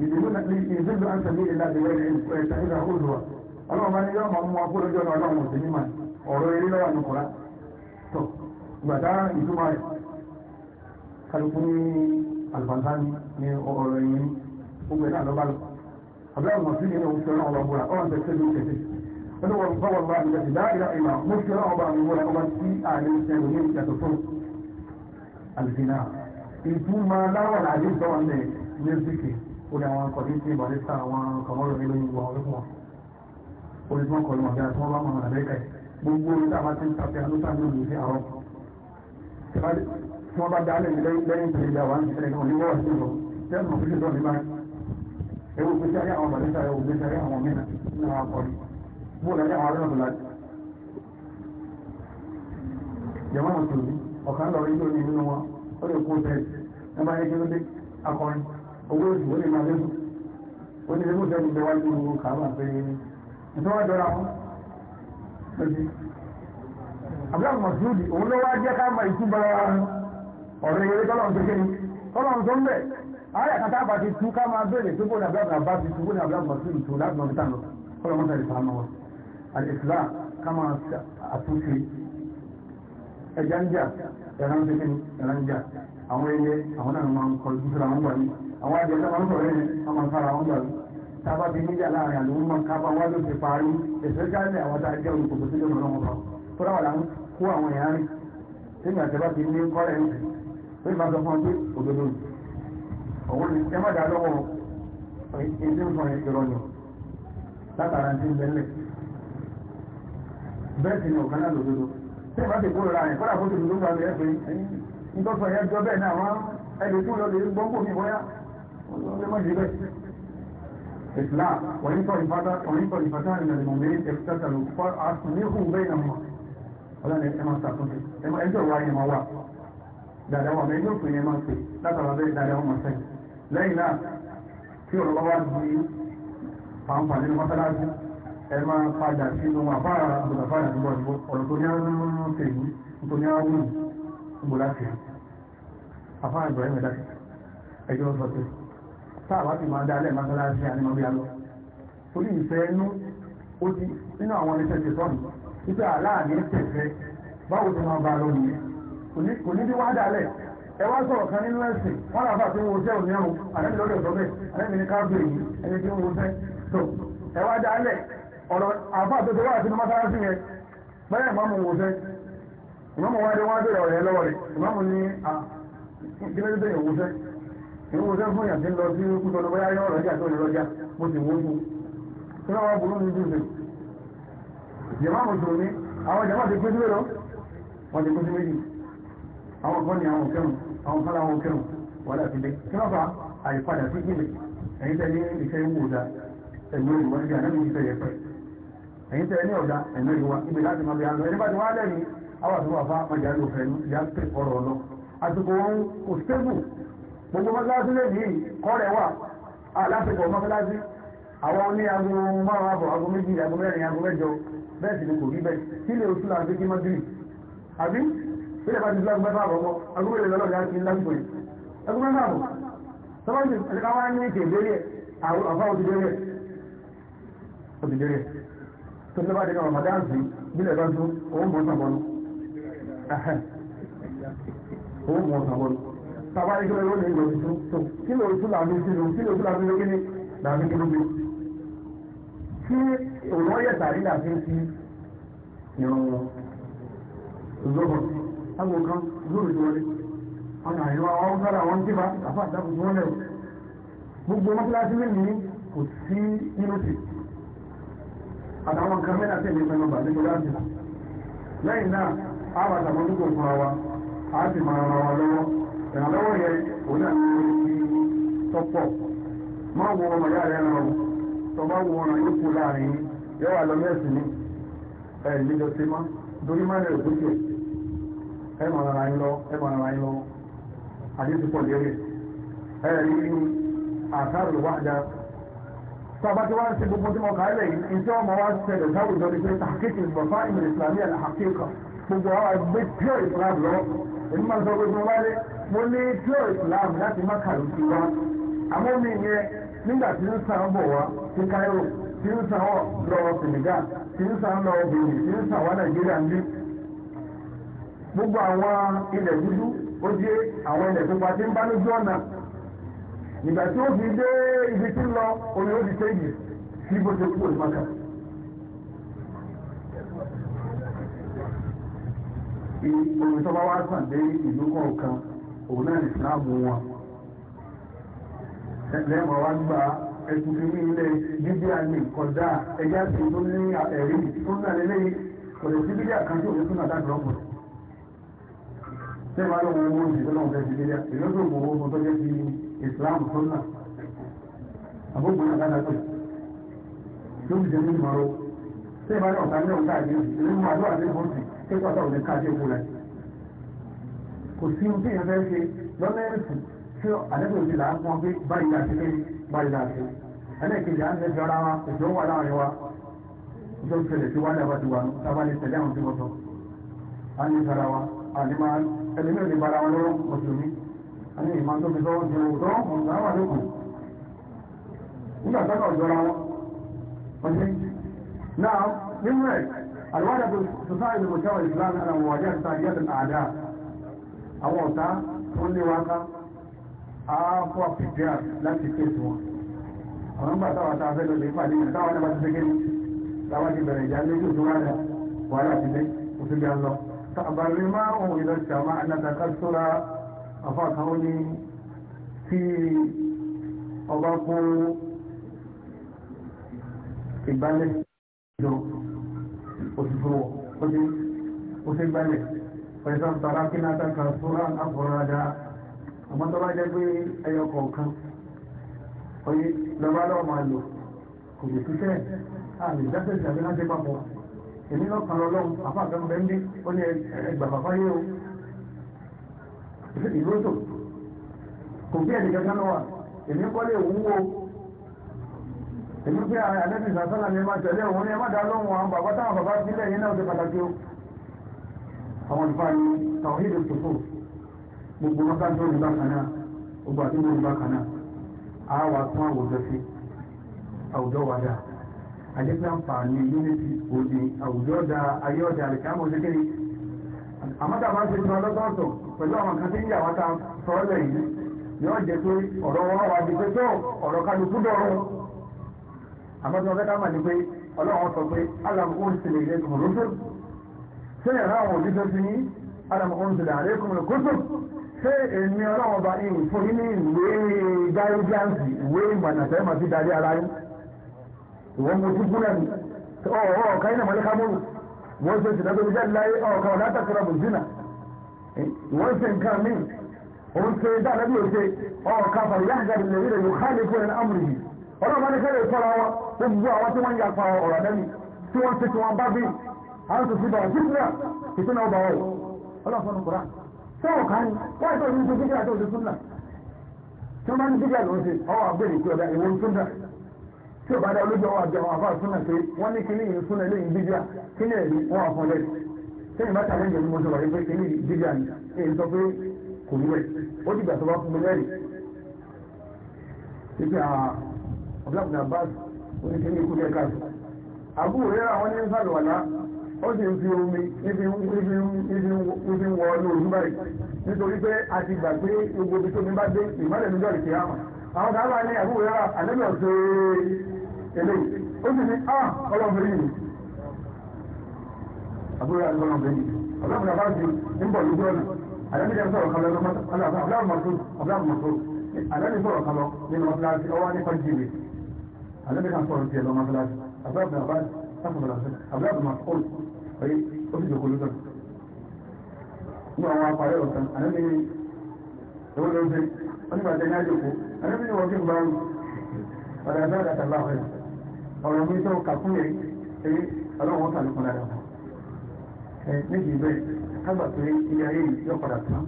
يدلون يدل عن سبيل الله بغير علم ويتخذها هزوا ọlọ́run bá ní yọ́ ọmọ ọmọ akúrò jọ́nà ọlọ́run òsì mímọ̀ ọ̀rọ̀ eré lọ́wọ́ nìkọ́lá tó gbàdá ìtumọ̀ rẹ̀ kálukú ní alùpàtàní ní ọ̀rọ̀ yìí gbogbo ẹ̀dá lọ́bàá lọ abẹ́rẹ́ wọn sí nínú ó ní àwọn akọ̀dé sí ìbàlẹ́sà àwọn kọmọ́rọ̀ nínú ìwà ọlọ́pọ̀ orísun ọkọ̀ ìmọ̀ àgbà tí wọ́n bá mọ̀ àlẹ́kẹ̀ gbogbo orí tá a bá ti ń tàfẹ́ àlótà ní òní sí àárọ̀ tí wọ́n bá dálẹ̀ lẹ́yìn tó ìjà wà ní ìṣẹ̀lẹ̀ kan ní wọ́ọ̀sì lọ tẹ́lẹ̀ mọ̀ fífi sọ́ọ̀lì báyìí ewu gbèsè ayé àwọn bàlẹ́sà ewu gbèsè ayé àwọn mìíràn nínú àwọn akọ̀dé bóòlù ayé àwọn arẹ́nà bùlá jẹ̀mọ́ mùsùlùmí ọ̀kan lọ rí lónìí nínú owó ìlú ó lè máa lẹ́bù ó ní lẹ́bù sẹ́yìn ìgbẹ́wájú kàámà pé ìtọ́wọ́ dọ́ra wọn lójú abdul masudi òun ló wá jẹ́ ká ma ìtúbọ̀ ọ̀rọ̀ ìwé tọ́lọ̀ tó kéde tọ́lọ̀ tó ń bẹ̀ ààrẹ kàtà bá ti tú ká máa bèèrè tó bó ní abdul bá ti tú bó ní abdul masudi tó láti lọ níta lọ kọ́lọ̀ mọ́ta lè fàánà wa àdìsílá ká máa àtúnṣe ẹja ń jà ẹran tó kéde ń jà àwọn ẹyẹ àwọn náà máa ń kọjú wọn wà ní àwọn àjẹsẹ́ wọn sọ̀rọ̀ yẹn ọmọ sára wọn gbà tábà ti níjà láàrin àlùmọ́ máa kábà wá ló ti parí especially àwọn tá a jẹ́ olùkòkò sílẹ̀ mọ́ lọ́wọ́ kan tó dáwà là ń kó àwọn èèyàn rìn sínú àtẹ́bá ti ní kọ́rẹ̀ ń pè máa sọ fún ọ òdodo òun ni ẹ má dá lọ́wọ́ ètí ń fọn ìrọ̀lù látara ti ń bẹ́lẹ̀ bẹ́ẹ̀ sì ni ọ̀kan náà lòdodo tí ẹ bá ti kúrò láàrin kọ́lá fótó lòdodo gbàgbé ẹ pé nítorí ẹ jọ bẹ́ẹ̀ náà wọ́n ẹ lè tún lọ lè gbọ́ngbò mi bóyá إسلام وإن طائفة وإن طائفتان من المؤمنين اقتتلوا فأصلحوا بينهما ولا نسمع ساكن إما أنت وعي ما وعي لا لا وعي ما في ما في لا ترى ذي لا لا وما في لا لا في الله وعي فهم فعلين ما تلاقي إما قد أشيل ما فعل أبو دفاع أبو أبو والدنيا في الدنيا أبو أبو لا في أفعل إبراهيم لا في أيوة صدق táàbá ti máa dá alẹ́ mọ́sálásí ànímọ́bí alọ́ torí ìfẹ́ inú ó ti nínú àwọn ilé tẹ̀sẹ̀ sọ́nù títí àláàdé tẹ̀fẹ́ báwo ti máa bá lọ nìyẹn kò ní bí wá dálẹ̀ ẹ wá sọ̀rọ̀ kan nínú ẹ̀sìn wọ́n làbá tí wọ́n jẹ́ òní ẹ̀hùn àlẹ́mì lọ́dọ̀ bẹ́ẹ̀ àlẹ́mì ní bẹ́ẹ̀ ah, irú sẹ́ fún yàtí lọ sí kúta lọ bóyá yọ ọ̀rọ̀jà tó lè lọ́jà mo sì wọ́n fún kí wọ́n wá burú ní jùlọ jẹ̀má mùsùlùmí àwọn jẹ̀má ti pín sí mélòó wọ́n ti pín sí méjì àwọn kan ní àwọn kẹrùn àwọn kan láwọn kẹrùn wọ́n dà sí dé kí wọ́n fa àyípadà sí kílè ẹ̀yin tẹ́ ní iṣẹ́ ìwò ọ̀dà ẹ̀gbọ́n ìwọ́n ti àná ìṣe yẹpẹ ẹ̀yin tẹ́ ní ọ̀dà ẹ̀mẹ́ ìwà ibi láti gbogbo mọ́sálásí lè yìí kọ́rẹ̀ wà aláṣepọ̀ mọ́sálásí àwọn ní aago márùn àbọ̀ aago méjì aago mẹ́rin aago mẹ́jọ bẹ́ẹ̀ sì ni kò rí bẹ́ẹ̀ kí lè oṣù làbí kí mọ́jú àbí ilẹ̀ bá ti dúró agbẹ́fà àbọ̀ mọ́ aago mẹ́rin lọ́lọ́ ìyá ti lásìkò yìí aago mẹ́fà àbọ̀ sọ́wọ́sì ẹ̀ka wá ní ètè ìbéèrè àfa òdìdéré òdìdéré tó ti bá dé kàwọn màdá àǹsì bílẹ̀ bá tún tàbá ìjọ ìwé lè lò sí tó kí ló tún làmì sí lò kí ló tún làmì lókè ní làmì kí ló gbé tí òwò yẹ tàbí làmì sí ìrọ̀rùn ìjọba táwọn kan lórí ìwọlé wọn àyè wa wọn sára wọn tí bá àfa àdàbò tí wọn lẹ gbogbo mọ́tíláṣí lè ní kò sí nínú sí àtàwọn kan mẹ́ta tẹ̀lé mẹ́ta bàbá nígbà láti lẹ́yìn náà àwọn àtàwọn tó kò fún wa a sì máa ra wa lọ́wọ́ ìrànlọ́wọ́ yẹn òun náà ti tọ́pọ̀ máa wo ọmọ ìyá rẹ̀ lọ tó bá wo ọ̀ràn yóò kú láàrin yóò wà lọ mẹ́sìn ní ẹ̀ níjọ sí mọ́ dorí má rẹ̀ òkúté ẹ mọ̀ ara yín lọ ẹ mọ̀ ara yín lọ àti ti pọ̀ lérí ẹ rí àtàrò wájà sabati wa se gbogbo tí mo kà yìí tí ọmọ wa ṣẹlẹ̀ sáwùjọ ni pé tàkìtì bàbá ìmọ̀ ìsìlámì àlàkíkà gbogbo àwọn ẹgbẹ́ pure ìsìlámù lọ èmi máa sọ pé mo wá lé mo ní pure Islam láti Mákà ló ti wá àmọ́ mi yẹn nígbà tí ń sàn bọ̀ wá sí Cairo tí ń lọ Senegal tí ń sàn lọ Benin tí ń sàn wá Nàìjíríà ń gbogbo àwọn ilẹ̀ dúdú ó dé àwọn ilẹ̀ pupa tí ń bá lójú ọ̀nà ìgbà ibi tí ń lọ omi ó sí bó ṣe kúrò òun náà ìsìláàmù wọn ẹgbẹ́ ọ̀wá gba ẹ̀sùn kìíní ilẹ̀ bíbíà ní kọjá ẹ̀yà sí tó ní ẹ̀rí tó ń dàlẹ́ lẹ́yìn kò sí bíbíà kan tí òun tún náà dájú lọ́wọ́ owó lọ́wọ́ sí tó tó jẹ́ tó àbúkù náà tó ń jẹ ní lọ́wọ́ ní ìlú kò sí ohun tí èèyàn fẹ́ ṣe lọ́nà ẹ̀sìn tí àlejò ti là ń pọn pé báyìí la ṣe léyìn báyìí la ṣe ẹlẹ́ẹ̀kejì à ń lẹ́bi ara wa òjò wà láàrin wa òjò ṣẹlẹ̀ sí wálé àbájú wa tábà lè tẹ̀lé àwọn tí wọ́n sọ a ní ìsara wa a ní ẹni náà ní bara wa lọ́wọ́ mùsùlùmí a ní ìmọ̀ tó fi sọ wọn jẹun tó wọn sàn wà lókun nígbà tó sọ àwọn ọ̀tá tó lé wa ká àápọ̀ àpìdíà láti kéèsì wọn àwọn nígbà táwọn tá a fẹ́ lọ lè pàdé yẹn táwọn nígbà tó fẹ́ kéèsì táwọn ti bẹ̀rẹ̀ ìjà lójú tó wà rẹ̀ wàhálà ti dé ó fi bí a lọ. tàbàrí máa ń wò ìlọ ìjàmá ànàtàkà sóra àfa kan ó ní tí ọba kó ìgbálẹ̀ ìjọ òṣìṣẹ́ wọ̀ ó ti gbálẹ̀. pẹ̀lú tọ́lá kí náà tàkà fúra àfọ́rádá àmọ́ tọ́lá jẹ́ pé ẹyọ kọ̀ọ̀kan oye lọ́wọ́ lọ máa lò kò lè ṣiṣẹ́ àmì ìdáṣẹ́ ìṣàbí láti papọ̀ èmi náà kan lọ́wọ́ àfáàkàn bẹ́ńdé ó ní ẹgbà bàbá yé o ìlú kò bí ẹnì kankan èmi kọ́ lè èmi pé ni ẹ máa tẹ̀lé òun ni ẹ má dá lóhùn àwọn bàbá táwọn bàbá sílẹ̀ náà ti àwọn ìfà ní tàwíìdì tòfò gbogbo mọ́ká tó ní bákan náà gbogbo àdúgbò ní bákan náà a wà tún àwùjọ sí àwùjọ wà dáa àjẹpẹ́ àǹfààní unity òdì àwùjọ da ayé ọ̀dà àlìkà àmọ̀ ṣe kéde àmọ́tà máa ń ṣe tún ọlọ́tọ̀ọ̀tọ̀ pẹ̀lú àwọn kan tí ń yà wá ta sọ́ọ́lẹ̀ yìí yóò jẹ́ pé ọ̀rọ̀ wọn wà di pé tó ọ̀rọ̀ kálukú dọ̀rọ̀ àmọ́tà ọ̀fẹ́ ká mà ní pé ọlọ́run sọ pé alam ó ń ṣẹlẹ̀ ilé ṣé ẹ̀rọ àwọn òbí tó ti yín alamọ̀kọ́ ṣẹlẹ̀ àlékún lè kó tó ṣé èmi ọlọ́wọ́ bá ní ìfún yín ní ìwé gáígáǹsì ìwé ìmọ̀nàfẹ́ máa fi darí ara yín ìwọ́n mo tún kúrẹ́ mi ọ̀ọ́ ọ̀ka iná mọ̀lẹ́ká mọ́rù wọ́n ṣe ṣìdá tó jáde láyé ọ̀ka ọ̀dá tàkùrọ̀ bù zina wọ́n ṣe nǹkan míì òun ṣe dáadáa bí o ṣe ọ̀ka fàyà àgàdì lè rí rẹ̀ yóò káàlì fún ẹni amúrì yìí ọlọ́run bá ní kẹ́lẹ́ ó bu àwọn tí wọ́n ń yapa ọ̀rọ̀ lẹ́nu tí wọ́n ṣe tí wọ́n bá bíi àwọn tó ṣùgbọ́n sí a ìpínlẹ̀ ọba ọ̀rọ̀ ọlọ́fọ́nù kura sọ́wọ́ kan wáyé tó ní ṣe gíga tó ṣe súnà tí wọ́n bá ní gíga lọ́wọ́ ọwọ́ àgbèrè ìkú ọ̀dà ìwọ̀n súnà tí ò bá dá olójú ọwọ́ àjọ àwọn afáà súnà pé wọ́n ní kíní lẹ́yìn wọ́n lẹ́yìn tàbí mo pé kíní ni èyí sọ pé kò ní ó sì ń fi omi níbi ń wọ ní òun báyìí nítorí pé a ti gbà pé gbogbo ibi tó ní bá dé ìmọ́lẹ̀ níjọ́ ìpè àmà àwọn kan wà ní àbúrò yàrá àlẹ́bẹ̀ ọ̀sẹ̀ ó sì ní ah àbúrò ti ń bọ̀ lójú ọ̀nà sọ̀rọ̀ sáfùmọ̀ làṣẹ àbí àbùmọ̀ kọ́ọ̀lù pẹ̀lú ó sì jòkó lóṣọ̀ ní àwọn apàrẹ ọ̀sán àlẹ́bí ni ìwọ́n ló ń ṣe wọ́n nígbà tẹ́ ní àjòkó àlẹ́bí ni wọ́n kí n bá rù ọ̀rẹ́ ẹ̀fẹ́ àdàtà bá ọ̀rẹ́ ọ̀rọ̀ mi tó kàkún yẹ èyí ọlọ́run ọ̀sán lókun lára wọn méjì bẹ́ẹ̀ kábà pé ilé ayé yìí yọ padà tán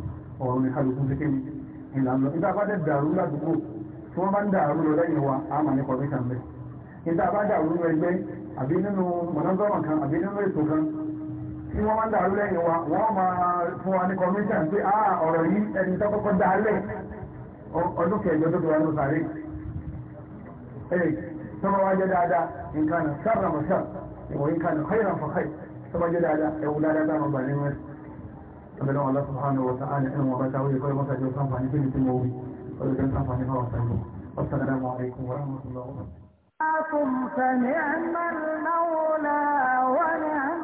ọ̀rọ̀ ní kálukú kékeré ìlànà ìgbà bá dẹ̀ dàrú ládùúgbò tí wọ́n bá ń dàrú lọ lẹ́yìn wa àmà ní kọ̀ọ̀tẹ́sàn bẹ́ẹ̀ ìgbà bá dàrú lọ ẹgbẹ́ àbí nínú mọ̀nàgbọ́mọ̀ kan àbí nínú ètò kan tí wọ́n máa ń dàrú lẹ́yìn wa wọ́n máa fún wa ní commission pé ah ọ̀rọ̀ yìí ẹni tó kọ́kọ́ dá lẹ̀ ọdún kẹjọ tó wà ló sàárè ẹ̀ tọ́ba wá jẹ́ dáadáa nǹkan náà sára mọ̀ sáà ìwọ̀ nǹkan náà kọ́yìnà fọ́kọ́yì tọ́ba jẹ́ dáadáa ẹ̀wù dáadáa bá wọn bà nínú ẹ̀ ọ̀bẹ̀lẹ̀ wọn lọ́sùn hàn wọ́n sáà ní ẹ̀wọ̀n bá táwọn ìkọ́lẹ̀ mọ́tàjọ́ sáǹfà ní kí ni tí mo wí ọdún tó ń sáǹfà ní bá wọn sáǹfà فنعم المولى ونعم